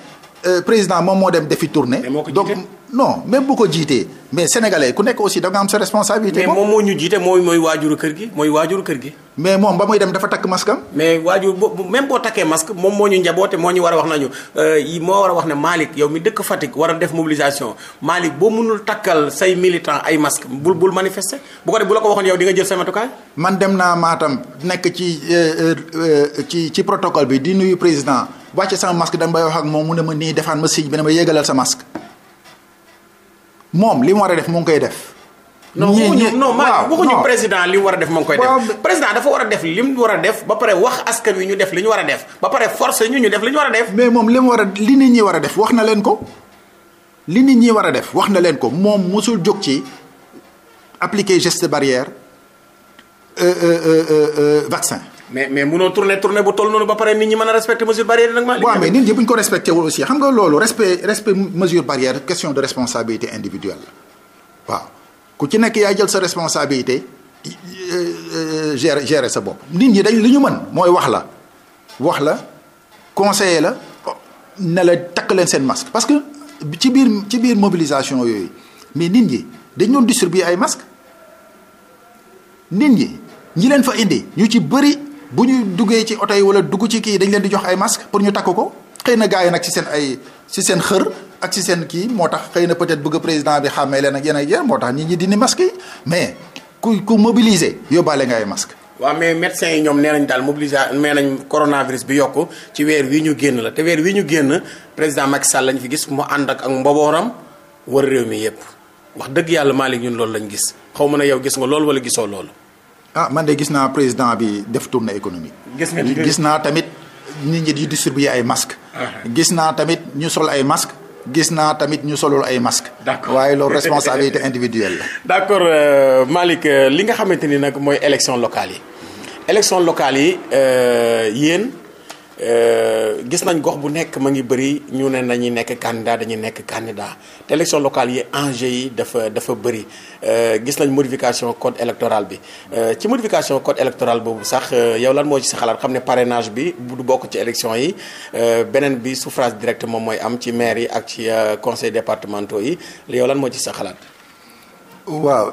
euh, président moom moo dem defi tournée. donc non même bu ko jiitee. mais sénégalais ku nekk aussi da am sa responsabilité. mais moom moo ñu jiite mooy mooy waajuru kër gi mooy waajuru kër gi. mais moom ba muy dem dafa takk masque am. mais waajur boobu même boo takkee masque moom moo ñu njaboote moo ñu a euh, moo war a wax ne Malick mi dëkk Fatick war a def mobilisation Malick boo mënul takkal say militant ay masque bul bul manifester bu ko def bu la ko waxoon yow di nga jël sa matukaay. man dem naa Matam nekk ci euh, euh, ci ci protocole bi di nuyu président wàcce sama masque dama bay wax ak moom mu ne ma nii defaan ma signe bi ne ma sa masque. moom li mu war a def mu ngi koy def. non waxuñu non ma waxuñu président li mu war a def mu koy def. président dafa war a def li mu war a def ba pare wax askan wi ñu def li ñu war a def ba pare force ñu ñu def li ñu war a def. mais moom li mu war a li nit ñi war a def wax na leen ko li nit ñi war a def wax na leen ko moom mosul jóg ci appliquer gest barrière euh, euh, euh, vaccin. mais mais munoo tourné tourné bu toll noonu ba pare nit ñi mën a respecté mesure barrière nag ma. waaw mais nit ñi bu ñu ko waaw ku ci nekk yaay jël sa responsabilité euh, gérer gérer sa bopp. nit ñi dañ li ñu man mooy wax la wax la conseiller la ne la takk leen seen masque parce que ci biir ci biir mobilisation yooyu mais nit ñi dañ doon distribuer ay masques nit ñi ñi leen fa indi ñu ci bëri. bu ñu duggee ci oto yi wala dugg ci kii dañ leen di jox ay masque pour ñu takk ko xëy na gars yi nag ci seen ay ci seen xër ak ci seen kii moo tax xëy na peut-être bëgg président bi xàmmee leen ak yéen ak yéen moo tax nit ñi dindi masque yi mais ku ku mobiliser yóbbaale nga ay masque mais médecins yi ñoom nee nañ daal mobilisation nee nañ coronavirus bi yokk ci weer wi ñu génn la te weer wii ñu génn président Macky Sall lañ fi gis mu ànd ak ak mbobooram war réew mi yëpp wax dëgg yàlla Malick ñun loolu lañ gis xaw ma ne yow gis nga loolu wala gisoo loolu ah man de gis naa président bi def tournée économique. gis nga gis naa tamit nit ñi di distribuer ay masques. Ah. gis naa tamit ñu sol ay masques. gis naa tamit ñu solul ay masque d'accord waaye loolu responsabilité individuelle la. d'accord euh, Malick euh, li nga xamante ni nag mooy élection locale yi. élection locale yi euh, yéen. Euh, gis nañ gox bu nekk ma ngi bëri ñu ne nañuy nekk candidat dañuy nekk candidat te élection locale yi enjeu yi dafa dafa bëri euh, gis nañ modification code électoral bi euh, ci modification code électoral boobu sax yow lan moo ci sa xalaat xam ne parrainage bi du bokk ci élection yi beneen bi suffrage direct moom mooy am ci maire yi ak ci conseil départementaux yi yow lan moo ci sa xalaat waaw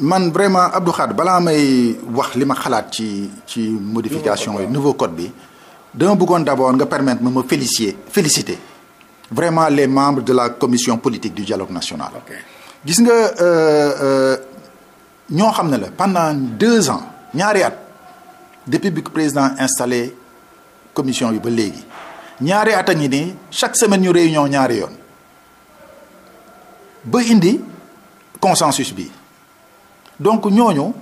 man vraiment Abdou Khad balaa may wax li ma xalaat ci ci modification yi nouveau code bi dama bëggoon d'abord nga permettre ma ma féliciter féliciter vraiment les membres de la commission politique du dialogue national. gis nga euh, euh, ñoo xam ne la pendant deux ans ñaari at depuis bi président installé commission bi ba léegi ñaari at a ngi nii chaque semaine ñu réunion ñaari yoon ba indi consensus bi donc ñooñu.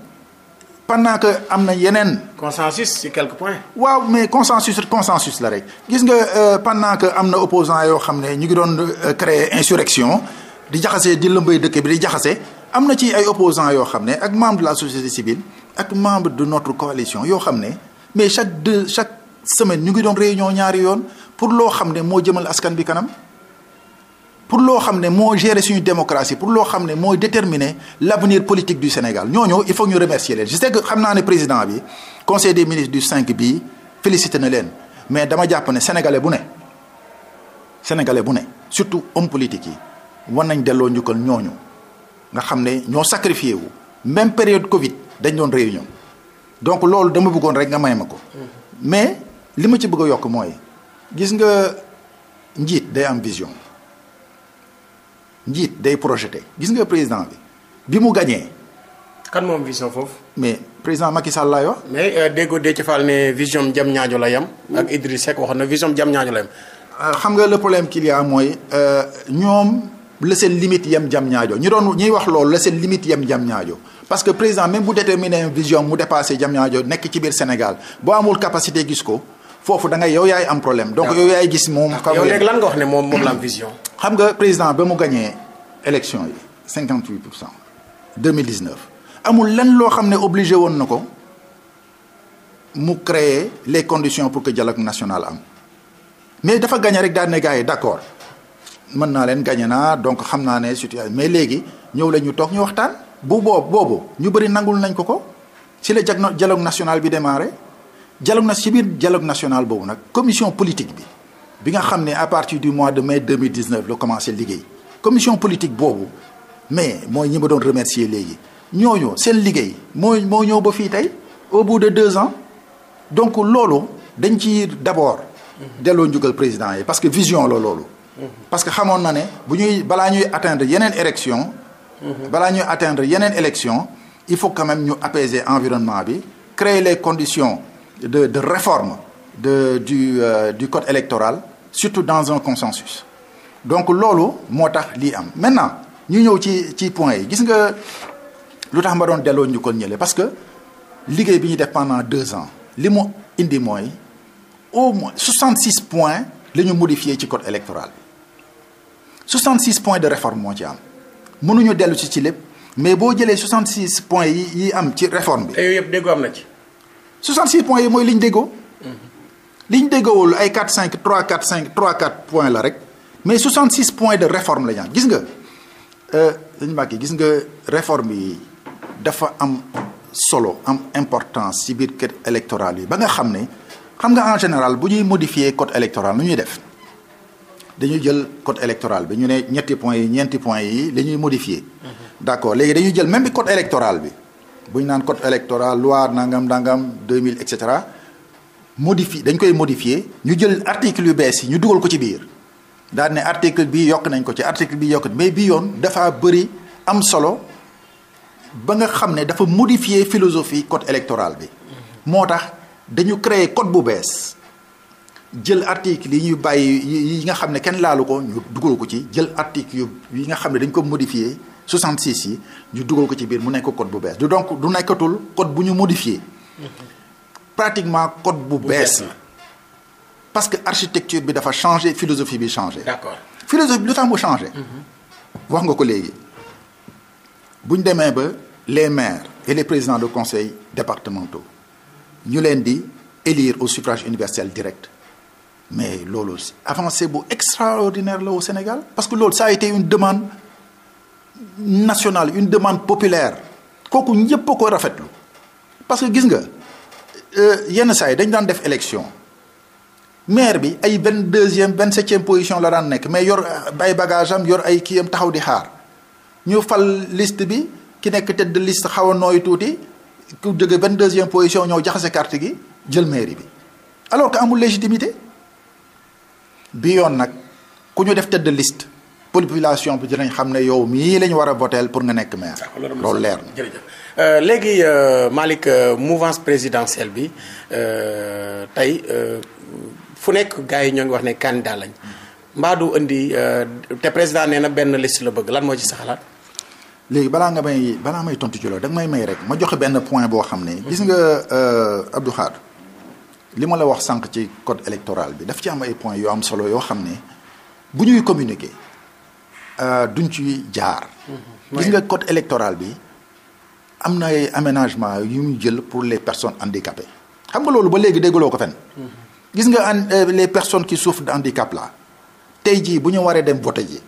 pendant que am na yeneen. consensus ci quelques points. waaw mais consensus consensus la rek gis nga euh, pendant que am na opposant yoo xam ne ñu ngi doon euh, créer insurrection di jaxasee di lëmbay dëkk bi di jaxasee am na ci ay opposant yoo xam ne ak membre de la société civile ak membre de notre coalition yoo xam ne mais chaque deux chaque semaine ñu ngi doon réunion ñaari yoon pour loo xam ne moo jëmal askan bi kanam. pour loo xam ne moo gérer suñu démocratie pour loo xam ne mooy déterminer l'avenir politique du Sénégal ñooñu il faut ñu remercier leen je que xam naa ne président bi conseil des ministres du cinq bi félicité na leen mais dama jàpp ne sénégalais bu ne sénégalais bu ne surtout homme politique yi war nañ delloo njukkal ñooñu nga xam ne ñoo sacrifié wu même période Covid dañ doon réunion donc loolu dama buggoon rek nga may ma ko. Mm-hmm. mais li ma ci bëgg a yokk mooy gis nga njiit day am njiit day projeté gis nga président bi bi mu gañee kan moom vision foofu. mais président Macky Sall laay wax. mais euh, déggoo Déthié Fall ne vision jam ñaajo la yem. ak Idriss na vision jam ñaajo la yem. Euh, xam nga le problème qu'il mooy euh, ñoom la seen limite yem jam ñaajo ñu doon ñuy wax loolu la seen limite yem jam ñaajo parce que président même bu déterminer vision mu dépassé jam ñaajo nekk ci biir Sénégal boo amul capacité gis ko foofu da ngay yow yaay am problème. donc ah. yow yaay gis moom. yow léegi ne moom moom la am vision. xam nga président ba mu gañee élection yi cinquante huit pour cent deux mille dix neuf amul lenn loo xam ne obligé woon na ko mu créer les conditions pour que dialogue national am mais dafa gañe rek daal ne yi d' accord mën naa leen gañe naa donc xam naa ne situation mais léegi ñëw la ñu toog ñu waxtaan. bu boobu boobu ñu bëri nangul nañ ko ko ci la dialogue national bi démarré dialogue na ci biir national boobu nag commission politique bi. bi nga xam ne à partir du mois de mai 2019 la commencé liggéey commission politique boobu mais mooy ñi ma doon remercier léegi ñooñu seen liggéey mooy moo ñëw ba fii tey au bout de deux ans donc loolu dañ ci d'abord delloo njugal président yi parce que vision la loolu parce que xamoon na ne bu ñuy balaa ñuy atteindre yeneen élection balaa ñuy atteindre yeneen élection il faut quand même ñu apaiser environnement bi créer les conditions de de réforme de du euh, du code électoral surtout dans un consensus donc loolu moo tax lii am maintenant ñu ñëw ci ci point yi gis nga lu tax ma doon delloo ñu ko ñële parce que liggéey bi ñu def pendant deux ans li mu indi mooy au moins 66 points la ñu modifié ci code électoral bi 66 points de réforme moo ci am mënuñu dellu si ci lépp mais boo jëlee 66 points yi yi am ci réforme bi. te yooyu yëpp déggoo am na ci. 66 point yi mooy li ñu déggoo. li ñu déggoowul ay 4 cinq trois 4 cinq 3 4 points la rek mais 66 points de réforme la ñu gis nga euh, sëñ Mbacke gis nga réforme yi dafa am solo am importance ci biir code électoral yi ba nga xam ne xam nga en général bu ñuy modifier code électoral nu ñuy def dañuy jël code électoral bi ñu ne ñetti points yi ñeenti points yi la ñuy modifier. Mhm. d'accord léegi dañuy jël même bi code électoral bi bu ñu naan code électoral loi nangam nangam 2000 et cetera. modifié dañ koy modifié ñu jël article yu bees yi ñu dugal ko ci biir daal ne article bi yokk nañ ko ci article bi yokk mais bi yoon dafa bëri am solo ba nga xam ne dafa modifié philosophie code électoral bi moo tax dañu créer code bu bees jël article yi ñu bàyyi yi nga xam ne kenn laalu ko ñu dugal ko ci jël article yi nga xam ne dañ ko modifié 66 yi ñu dugal ko ci biir mu nekk code bu bees du donc du nekkatul code bu ñu modifie pratiquement code bu bees parce que architecture bi dafa changé philosophie bi changé. d'accord philosophie bi lu tax mu changé. Mhm. wax nga ko léegi bu ñu demee ba les maires et les présidents de conseils départementaux ñu leen di élire au suffrage universel direct mais loolu avancé bu extraordinaire la au Sénégal parce que loolu ça a été une demande nationale une demande populaire kooku ñëpp a ko rafetlu parce que gis nga. Euh, yenn saa yi dañ daan def élection maire bi ay vingt deuxième vingt septième position la daan nekk mais yor bay euh, bagage am yor ay kii am taxaw di xaar ñu fal liste bi ki nekk tête de liste xaw a nooy tuuti ku jóge vingt deuxième position ñëw jaxase carte gi jël maire bi alors que amul légitimité bi yoon nag ku ñu def tête de liste population bi dinañ xam ne yow mii la ñu war a voter pour nga nekk maire. loolu leer na. Euh, léegi euh, Malick euh, mouvance présidentielle bi tey fu nekk gars yi ñoo ngi wax ne candidat lañ mbaa du indi te président nee na benn liste la bëgg lan moo ci sa xalaat. léegi balaa nga may balaa may tontu ci loolu da may may rek ma joxe benn point boo xam ne. gis nga Abdou Khad li ma la wax sànq ci code électoral bi daf ci am ay points yoo am solo yoo xam ne bu ñuy communiquer duñ ci jaar. Mhm. gis nga code électoral bi. am na ay aménagement yu mu jël pour les personnes handicapées xam nga loolu ba léegi déggaloo ko fen gis nga euh, les personnes qui souffrent de handicap là tey jii bu ñu waree dem vote ji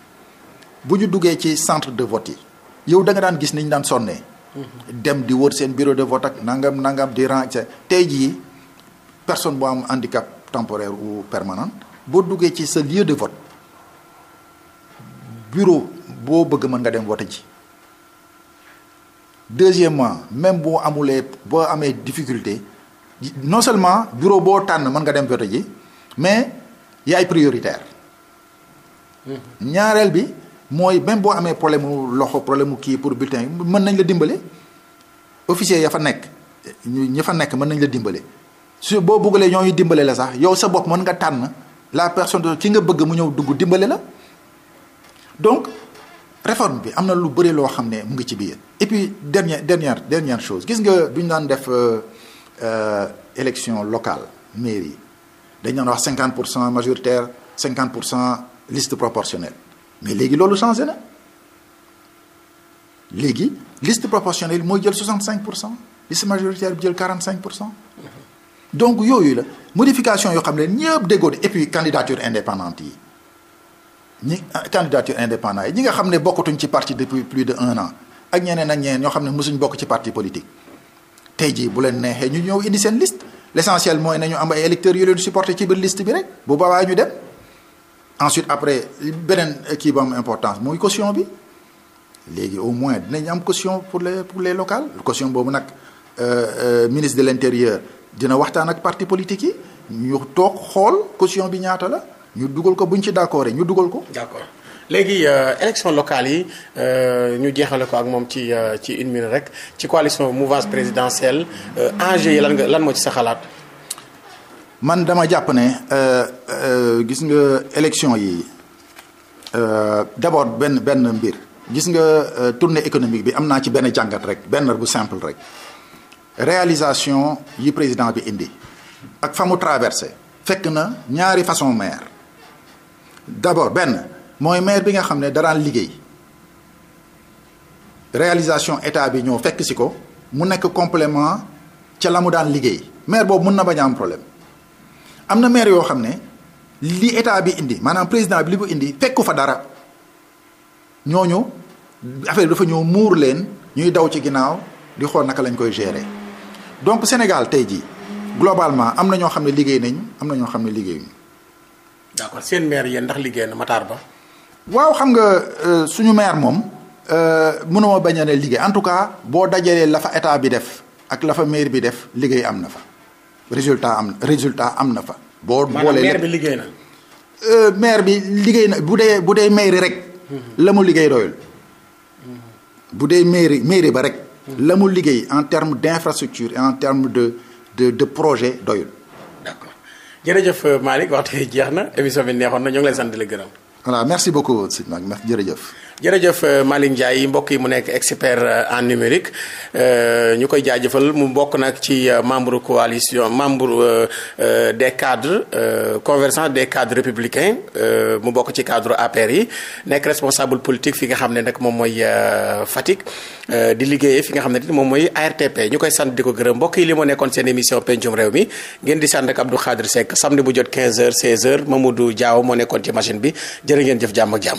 bu ñu duggee ci centre de vote yi yow da nga daan gis ni ñu daan sonnee. dem di wër seen bureau de vote ak nangam nangam di rang tey jii personne bu am handicap temporaire ou permanent boo duggee ci sa lieu de vote bureau boo bëgg mën nga dem vote ji. deuxièmement même boo amulee boo amee difficulté non seulement bureau boo tànn mën nga dem vote ji mais yaay prioritaire ñaareel bi mooy même boo amee problème mu loxo problème mu kii pour bulletin mën nañ la dimbale officier ya fa nekk ñu ñi fa nekk mën nañ la dimbale su boo ñoo ñooñu dimbale la sax yow sa bopp mën nga tànn la personne ki nga bëgg mu ñëw dugg dimbale la donc réforme bi am na lu bëri loo xam ne mu ngi ci biir et puis dernière dernière dernière chose gis nga bi ñu daan def euh, euh, élection locale mairie dañ daan wax cinquante pour cent majoritaire cinquante pour cent liste proportionnelle mais léegi loolu changé na léegi liste proportionnelle mooy jël 65 pour cent liste majoritaire bi jël 45 pour cent donc yooyu la modification yoo xam ne ñëpp déggoo et puis candidature indépendante yi ñi ah, candidature indépendant yi ñi nga xam ne bokkatuñ ci parti depuis plus de un an ak ñeneen ak ñeneen ñoo xam ne mosuñ bokk ci parti politique tey jii bu leen neexee ñu ñëw indi seen list l' essentiel mooy nañu am ay électeurs yu leen supporté ci biir list bi rek bu boobaa ñu dem ensuite après beneen kii bu am importance mooy caution bi léegi au moins dinañ am caution pour les pour les local caution boobu nag euh, euh, ministre de l' intérieur dina waxtaan ak parti politique yi ñu toog xool caution bi ñaata la ñu dugal ko bu ñu ci d'accord ñu dugal ko. d'accord léegi euh, élection locale yi euh, ñu jeexale ko ak moom ci euh, ci une rek ci coalition mouvance présidentielle enjeu yi lan nga lan moo ci sa xalaat. man dama jàpp ne gis nga élection yi d'abord benn benn mbir gis nga tournée économique bi am naa ci benn jàngat rek benn bu simple rek réalisation yi président bi indi ak fa mu traversé fekk na ñaari façon maire d'abord benn mooy maire bi nga xam ne daraan liggéey réalisation état bi ñoo fekk si ko mu nekk complement ca la mu daan liggéey maire boobu mun na bañ a am problème am na maire yoo xam ne li état bi indi maanaam président bi li mu indi fekku fa dara ñooñu affaire bi dafa ñëw muur leen ñuy daw ci ginnaaw di xool naka lañ koy gérer donc Sénégal tey jii globalement am na ñoo xam ne liggéey nañ am na ñoo xam ne liggéeyuñ d' accord seen maire yéen ndax liggéey na Matar Ba. waaw xam nga euh, suñu maire moom euh, mënuma bañ a ne liggéey en tout cas boo dajalee la fa état bi def ak la fa maire bi def liggéey am na fa résultat am résultat am na fa. boo boolee maire liggéey na. Euh, maire bi liggéey na bu dee bu dee maire rek. Mhm. la mu liggéey doyul. Mhm. bu dee maire mairie ba rek. Mhm. la mu liggéey en terme d' infrastructure et en terme de de de projet doyul. jërëjëf euh, Malick waxtu jeex na émission bi neexoon na ñoo ngi lay sant di a gërëm. voilà merci beaucoup sëñ Mag merci jërëjëf. jërëjëf euh, Malick Ndiaye mbokk yi mu nekk expert euh, en numérique euh, ñu koy jaajëfal mu mbokk nag ci membre coalition membre des cadres convergence des cadres républicains mu bokk ci cadre APR yi nekk responsable politique fi nga xam ne nag moom mooy Fatick di liggéeyee fi nga xam ne moom mooy ARTP ñu koy sant di ko gërëm mbokk yi li moo nekkoon seen émission pencum réew mi ngeen di sant ak Abdou Khadre Seck samedi bu jot 15h 16h Mamadou Diaw moo nekkoon ci machine bi jërë ngeen jëf jàmm ak